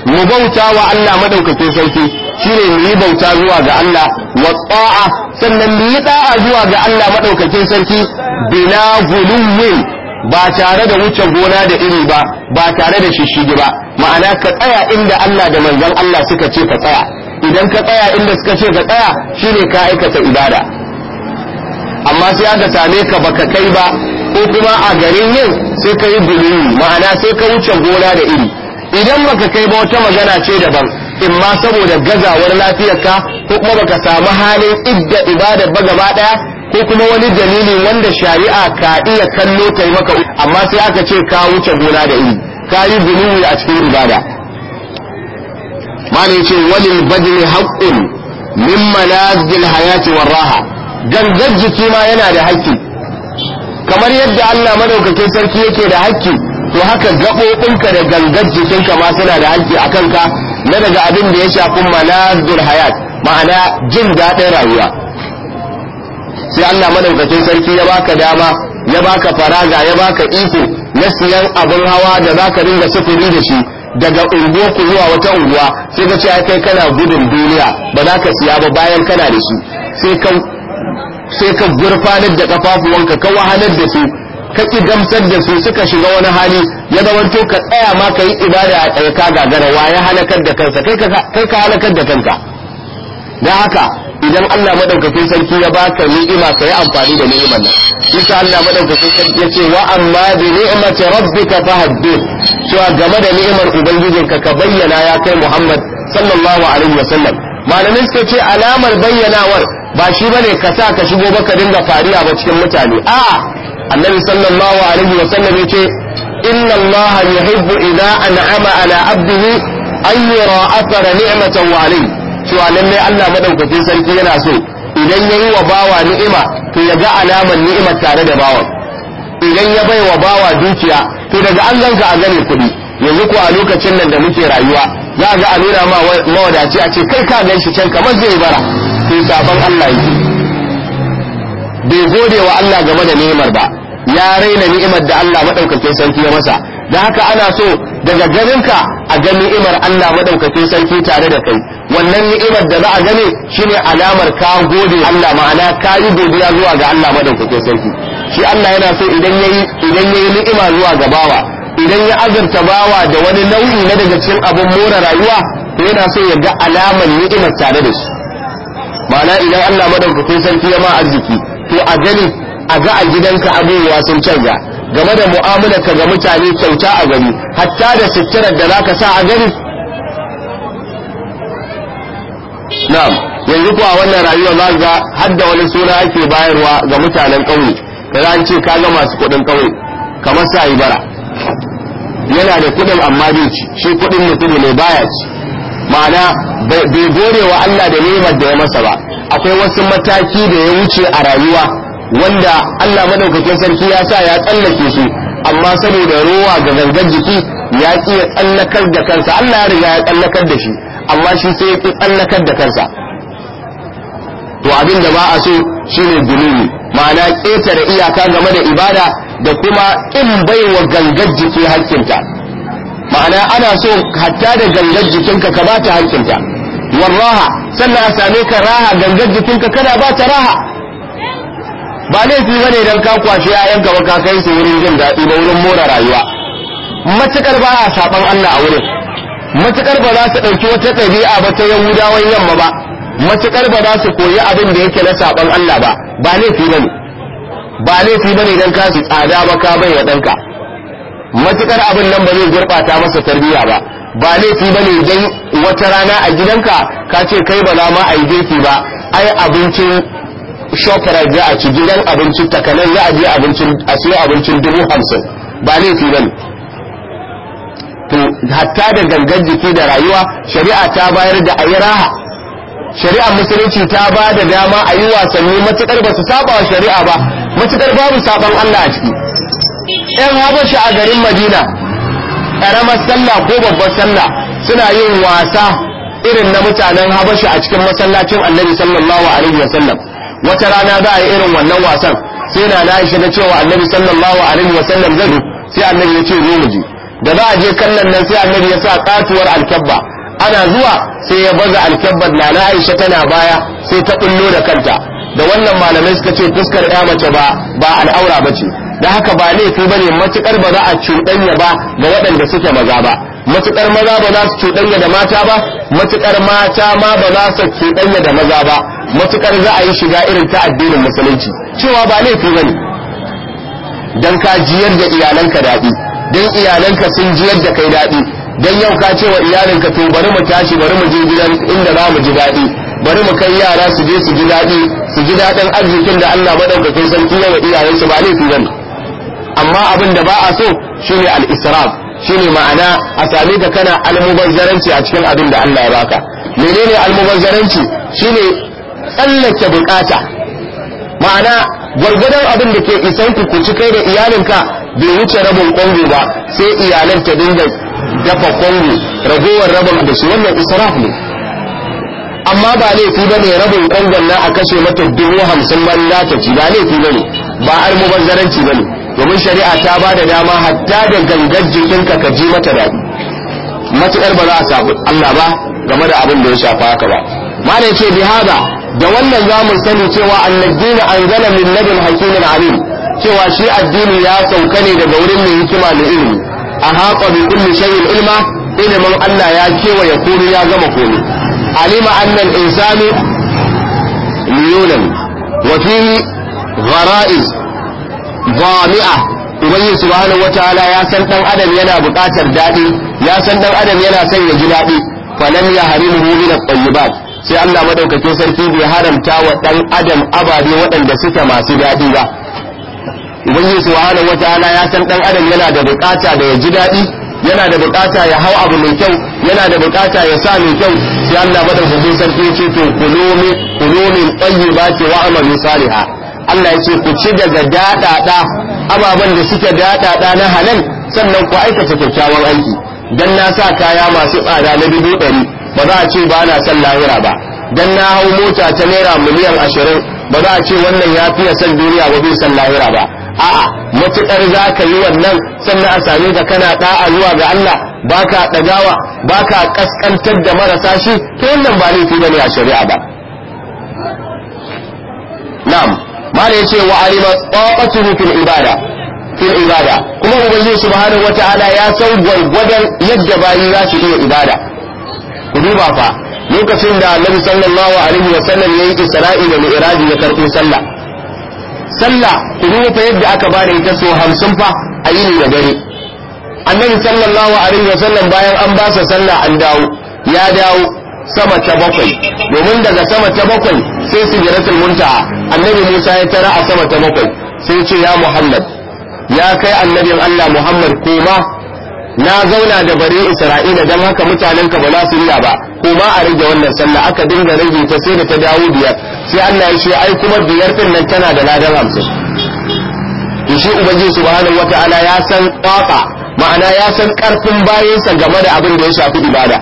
mu bauta wa Allah madaukakin sarki shine mu yi bauta zuwa ga Allah wa tsa'a sannan mu yi da'a zuwa ga Allah madaukakin sarki bila gulumi ba tare da wuce gona da iri ba ba tare da shishigi ba ma'ana ka tsaya inda Allah da manzon Allah suka ce ka tsaya idan ka tsaya inda suka ce ka tsaya shine ka aikata ibada amma sai aka same ka baka kai ba ko kuma a garin yin sai ka yi bulumi ma'ana sai ka wuce gona da iri idan baka kai ba wata magana ce daban in ma saboda gazawar lafiyarka ko kuma baka samu halin idda ibada ba gaba daya ko kuma wani dalili wanda shari'a ka iya kallo ta maka amma sai aka ce ka wuce gona da iri ka yi zunubi a cikin ibada malai ce walil badri haqqun min malazil hayati war raha gangar jiki ma yana da haƙƙi kamar yadda Allah madaukakin sarki yake da haƙƙi to haka gaɓoɓinka da gangar jikinka ma suna da haƙƙi a kanka na daga abin da ya shafi manazul hayat ma'ana jin daɗin rayuwa sai Allah madaukakin sarki ya baka dama ya baka faraga ya baka iko na siyan abin hawa da zaka dinga sufuri da shi daga unguwa ku zuwa wata unguwa sai ka ce ai kai kana gudun duniya ba za ka siya ba bayan kana da shi sai ka sai ka gurfanar da kafafuwanka ka wahalar da su ka ki gamsar da su suka shiga wani hali ya zamanto ka tsaya ma ka yi ibada a tsaye ka gagara waye halakar da kansa kai ka halakar da kanka da haka idan Allah madaukakin sarki ya baka ni'ima ka yi amfani da ni'imar nan isa Allah madaukakin sarki ya ce wa amma bi ni'imati rabbika fahaddith cewa game da ni'imar ubangijinka ka bayyana ya kai Muhammad sallallahu alaihi wasallam malamai suka ce alamar bayyanawar ba shi bane ka sa ka shigo baka dinga fariya ba cikin mutane a'a annabi sallallahu alaihi wa sallam yace inna allaha yuhibbu idza an'ama ala abdihi an yura athara ni'matan wa alayhi cewa lalle Allah madaukakin sarki yana so idan yayi wa bawa ni'ima to ya ga alaman ni'imar tare da bawan idan ya bai wa bawa dukiya to daga an ganka a gane kuɗi yanzu ko a lokacin nan da muke rayuwa za a ga a nuna mawadaci a ce kai ka gan shi can kamar zai bara to sabon Allah yake bai gode wa Allah game da ni'imar ba ya raina ni'imar da Allah madaukake sarki ya masa da haka ana so daga ganinka a ga ni'imar Allah madaukake sarki tare da kai wannan ni'imar da za a gane shine alamar ka gode Allah ma'ana ka yi godiya zuwa ga Allah madaukake sarki shi Allah yana so idan yayi idan yayi ni'ima zuwa ga bawa idan ya azurta bawa da wani nau'i na daga cikin abin more rayuwa to yana so ya ga alamar ni'imar tare da shi ma'ana idan Allah madaukake sarki ya ma arziki to a gani a ga a gidanka abubuwa sun canza game da mu'amalarka ga mutane kyauta a gani hatta da sitirar da zaka sa a gani na'am yanzu kuwa wannan rayuwa za ga har da wani suna ake bayarwa ga mutanen ƙauye kaza an ce kaga masu kuɗin ƙauye kamar sa ibara yana da kuɗin amma bai ci shi kuɗin mutum ne baya ci ma'ana bai gore wa Allah da nemar da ya masa ba akwai wasu mataki da ya wuce a rayuwa wanda Allah madaukakin sarki ya sa ya tsallake su amma saboda rowa ga gangan jiki ya ki ya tsallakar da kansa Allah ya riga ya tsallakar da shi amma shi sai ya ki tsallakar da kansa to abin da ba a so shine zunubi ma'ana ƙetare iyaka game da ibada da kuma in baiwa gangan jiki hakkinta ma'ana ana so hatta da gangar jikinka ka ba ta hankinta warraha sannan a same ka raha gangar jikinka kana ba ta raha ba laifi bane dan ka kwashe yayanka ba ka kai su wurin jin daɗi ba wurin more rayuwa matukar ba a saban Allah a wurin matukar ba za su ɗauki wata ɗabi'a ba ta yahudawan yamma ba matukar ba za su koyi abin da yake na saban Allah ba ba laifi bane ba laifi bane dan ka su tsada ba ka bayyana ɗanka matukar abin nan ba zai gurbata masa tarbiyya ba ba laifi ba ne don wata rana a gidanka ka ce kai ba za ma a yi girki ba ai abincin shoprite za a ci gidan abincin takanan za a je abincin a abincin dubu hamsin ba laifi ba ne to hatta da gangan jiki da rayuwa shari'a ta bayar da ayi raha shari'a musulunci ta ba da dama a yi wasanni matukar ba su saba wa shari'a ba matukar babu saban Allah a ciki yan habasha a garin madina ƙaramar sallah ko babbar sallah suna yin wasa irin na mutanen habasha a cikin masallacin annabi sallallahu alaihi wasallam wata rana za a yi irin wannan wasan sai na na ishe cewa annabi sallallahu alaihi wasallam zai sai annabi ya ce zo mu da za a je kallon nan sai annabi ya sa katuwar alkabba ana zuwa sai ya baza alkabbar na na aisha tana baya sai ta kullo da kanta da wannan malamai suka ce fuskar ya mace ba ba al'aura bace da haka ba laifi ba ne matukar ba za a cuɗanya ba ga waɗanda suke maza ba matukar maza ba za su cuɗanya da mata ba matukar mata ma ba za su cuɗanya da maza ba matukar za a yi shiga irin ta addinin musulunci cewa ba laifi ba ne don ka jiyar da iyalanka daɗi don iyalanka sun jiyar da kai daɗi don yau ka ce wa iyalinka to bari mu tashi bari mu je gidan inda za mu ji daɗi bari mu kai yara su je su ji daɗi su ji daɗin arzikin da Allah maɗaukakin sarki yawa iyayensu ba laifi bane amma abin da ba a so shine al-israf shine ma'ana a same ka kana almubazzaranci a cikin abin da Allah ya baka menene almubazzaranci shine tsallake bukata ma'ana gwargwadon abin da ke isan ku ci kai da iyalinka bai wuce rabin kongo ba sai iyalan ta dinga dafa kongo ragowar rabin da su wannan israf ne amma ba laifi ba ne rabin kongon na a kashe mata dubu hamsin ban ba laifi ba ne ba almubazzaranci ba ne domin shari'a ta ba da dama hatta da gangar jikinka ka ji mata daɗi matuƙar ba za a sabu Allah ba game da abin da ya shafa haka ba malam ce bi hada da wannan za mu sani cewa annabiyyu anzala min ladin hakimin alim cewa shi addini ya sauka ne daga wurin mai hikima da ilimi a haƙa bi kulli shay'in ilma ilimin Allah ya kewaye komai ya gama komai alima annal insani miyunan wa fihi غرائز zami'a ubangiji subhanahu wataala ya san dan adam yana buƙatar daɗi ya san dan adam yana son ya ji daɗi falam ya harimuhu min at-tayyibat sai Allah madaukakin sarki bai haramta wa dan adam ababe waɗanda suke masu daɗi ba ubangiji subhanahu wataala ya san dan adam yana da buƙata da ya ji daɗi yana da bukata ya hau abu mai kyau yana da bukata ya sa mai kyau sai Allah madaukakin sarki ce to kulumi kulumin tayyibati wa amalu salihah Allah ya ce ku ci daga daɗaɗa ababen da suke daɗaɗa na halal sannan ku aikata kyakkyawan aiki dan na sa kaya masu tsada na dubu ɗari ba za a ce ba na son lahira ba dan na hau mota ta naira miliyan ashirin ba za a ce wannan ya fiye son duniya ba bai son lahira ba a'a matukar za ka yi wannan sannan a same ka kana da'a zuwa ga Allah baka ɗagawa baka ƙasƙantar da marasa shi to wannan ba laifi bane a shari'a ba na'am mala ce wa alima taqatuhu fil ibada fil ibada kuma ubangiji subhanahu wataala ya san gwargwadon yadda bayi za su iya ibada ku duba fa lokacin da annabi sallallahu alaihi wa sallam yi isra'i da mi'raj ya karɓi sallah sallah ku duba fa yadda aka bada ita so 50 fa a yini da dare annabi sallallahu alaihi wa sallam bayan an ba sa sallah an dawo ya dawo sama ta bakwai domin daga sama ta bakwai sai su sijiratul munta annabi Musa ya tara a sama ta bakwai sai ce ya Muhammad ya kai annabin Allah Muhammad koma na zauna da bare Isra'ila dan haka mutanen ka ba za su ba koma a rage wannan sallah aka dinga rage ta sai da ta dawo biyar sai Allah ya ce ai kuma biyar din nan tana da ladan hamsin shi ubangiji subhanahu wataala ya san tsafa ma'ana ya san karfin bayansa game da abin da ya shafi ibada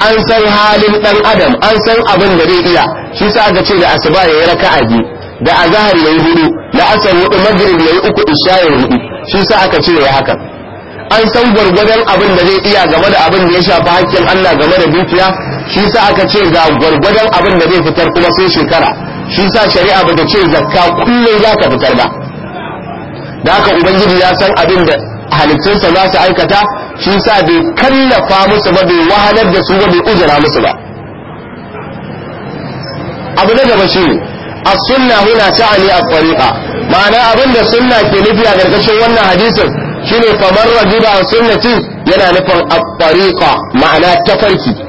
an san halin dan adam an san abin da zai iya shi sa aka ce da asuba ya yi raka'a biyu da azhar ya yi hudu da asar hudu maghrib ya uku isha ya hudu shi sa aka ce ya haka an san gwargwadon abin da zai iya game da abin da ya shafi hakkin Allah game da dukiya shi sa aka ce ga gwargwadon abin da zai fitar kuma sai shekara shi sa shari'a bata ce zakka kullum zaka fitar ba da haka ubangiji ya san abin da halittunsa za su aikata shi sa bai kallafa musu ba bai wahalar da su ba bai uzura musu ba abu na gaba shi a sunna huna sha'ani ma'ana abin da sunna ke nufi a karkashin wannan hadisin shine famar rajiba an sunnati yana nufin at-tariqa ma'ana tafarki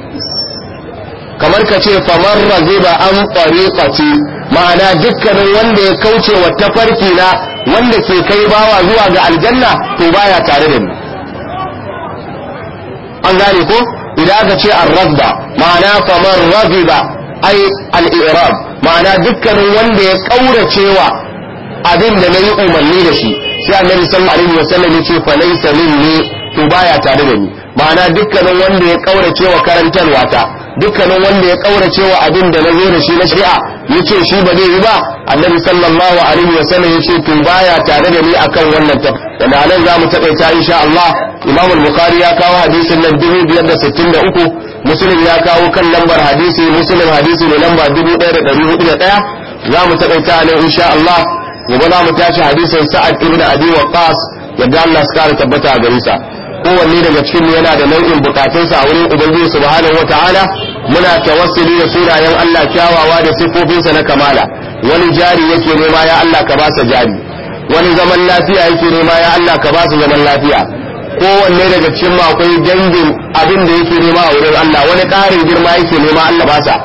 kamar ka ce famar ba an fariqati ma'ana dukkanin wanda ya kauce wa tafarki na wanda ke kai bawa zuwa ga aljanna to baya tare da ni an gane ko idan aka ce an razba ma'ana famar ba ai al'irab ma'ana dukkanin wanda ya kauracewa abin da yi umarni da shi sai annabi sallallahu alaihi wasallam ya ce fa laysa minni to baya tare da ni ma'ana dukkanin wanda ya kauracewa karantarwa ta dukkanin wanda ya kaurace wa abin da na zo da shi na shari'a yace shi ba zai yi ba annabi sallallahu alaihi wa sallam yace to baya tare da ni akan wannan ta da nan zamu takaita insha Allah Imam al-Bukhari ya kawo hadisin nan 2563 Muslim ya kawo kan lambar hadisi Muslim hadisi ne lamba 1401 zamu takaita ne insha Allah gobe za mu tashi hadisin Sa'ad ibn Abi Waqqas yadda Allah suka tabbata a gare kowanne daga cikin mu yana da nau'in bukatunsa a wurin ubangiji subhanahu wataala muna tawassuli da sunayen Allah kyawawa da sifofinsa na kamala wani jari yake nema ya Allah ka basa jari wani zaman lafiya yake nema ya Allah ka basa zaman lafiya kowanne daga cikin mu akwai dangin abin da yake nema a wurin Allah wani ƙarin girma yake nema Allah basa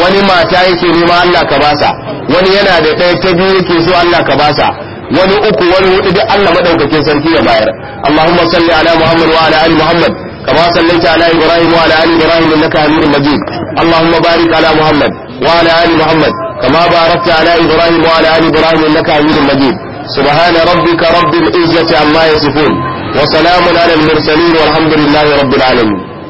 wani mata yake nema Allah ka basa wani yana da ɗaya ta biyu yake so Allah ka basa wani uku wani hudu duk Allah madaukakin sarki ya bayar Allahumma salli ala Muhammad wa ala ali Muhammad kama sallaita ala Ibrahim wa ala ali Ibrahim innaka Hamidum Majid Allahumma barik ala Muhammad wa ala ali Muhammad kama barakta ala Ibrahim wa ala ali Ibrahim innaka Hamidum Majid سبحان ربك رب العزة عما يصفون وسلام على المرسلين والحمد لله رب العالمين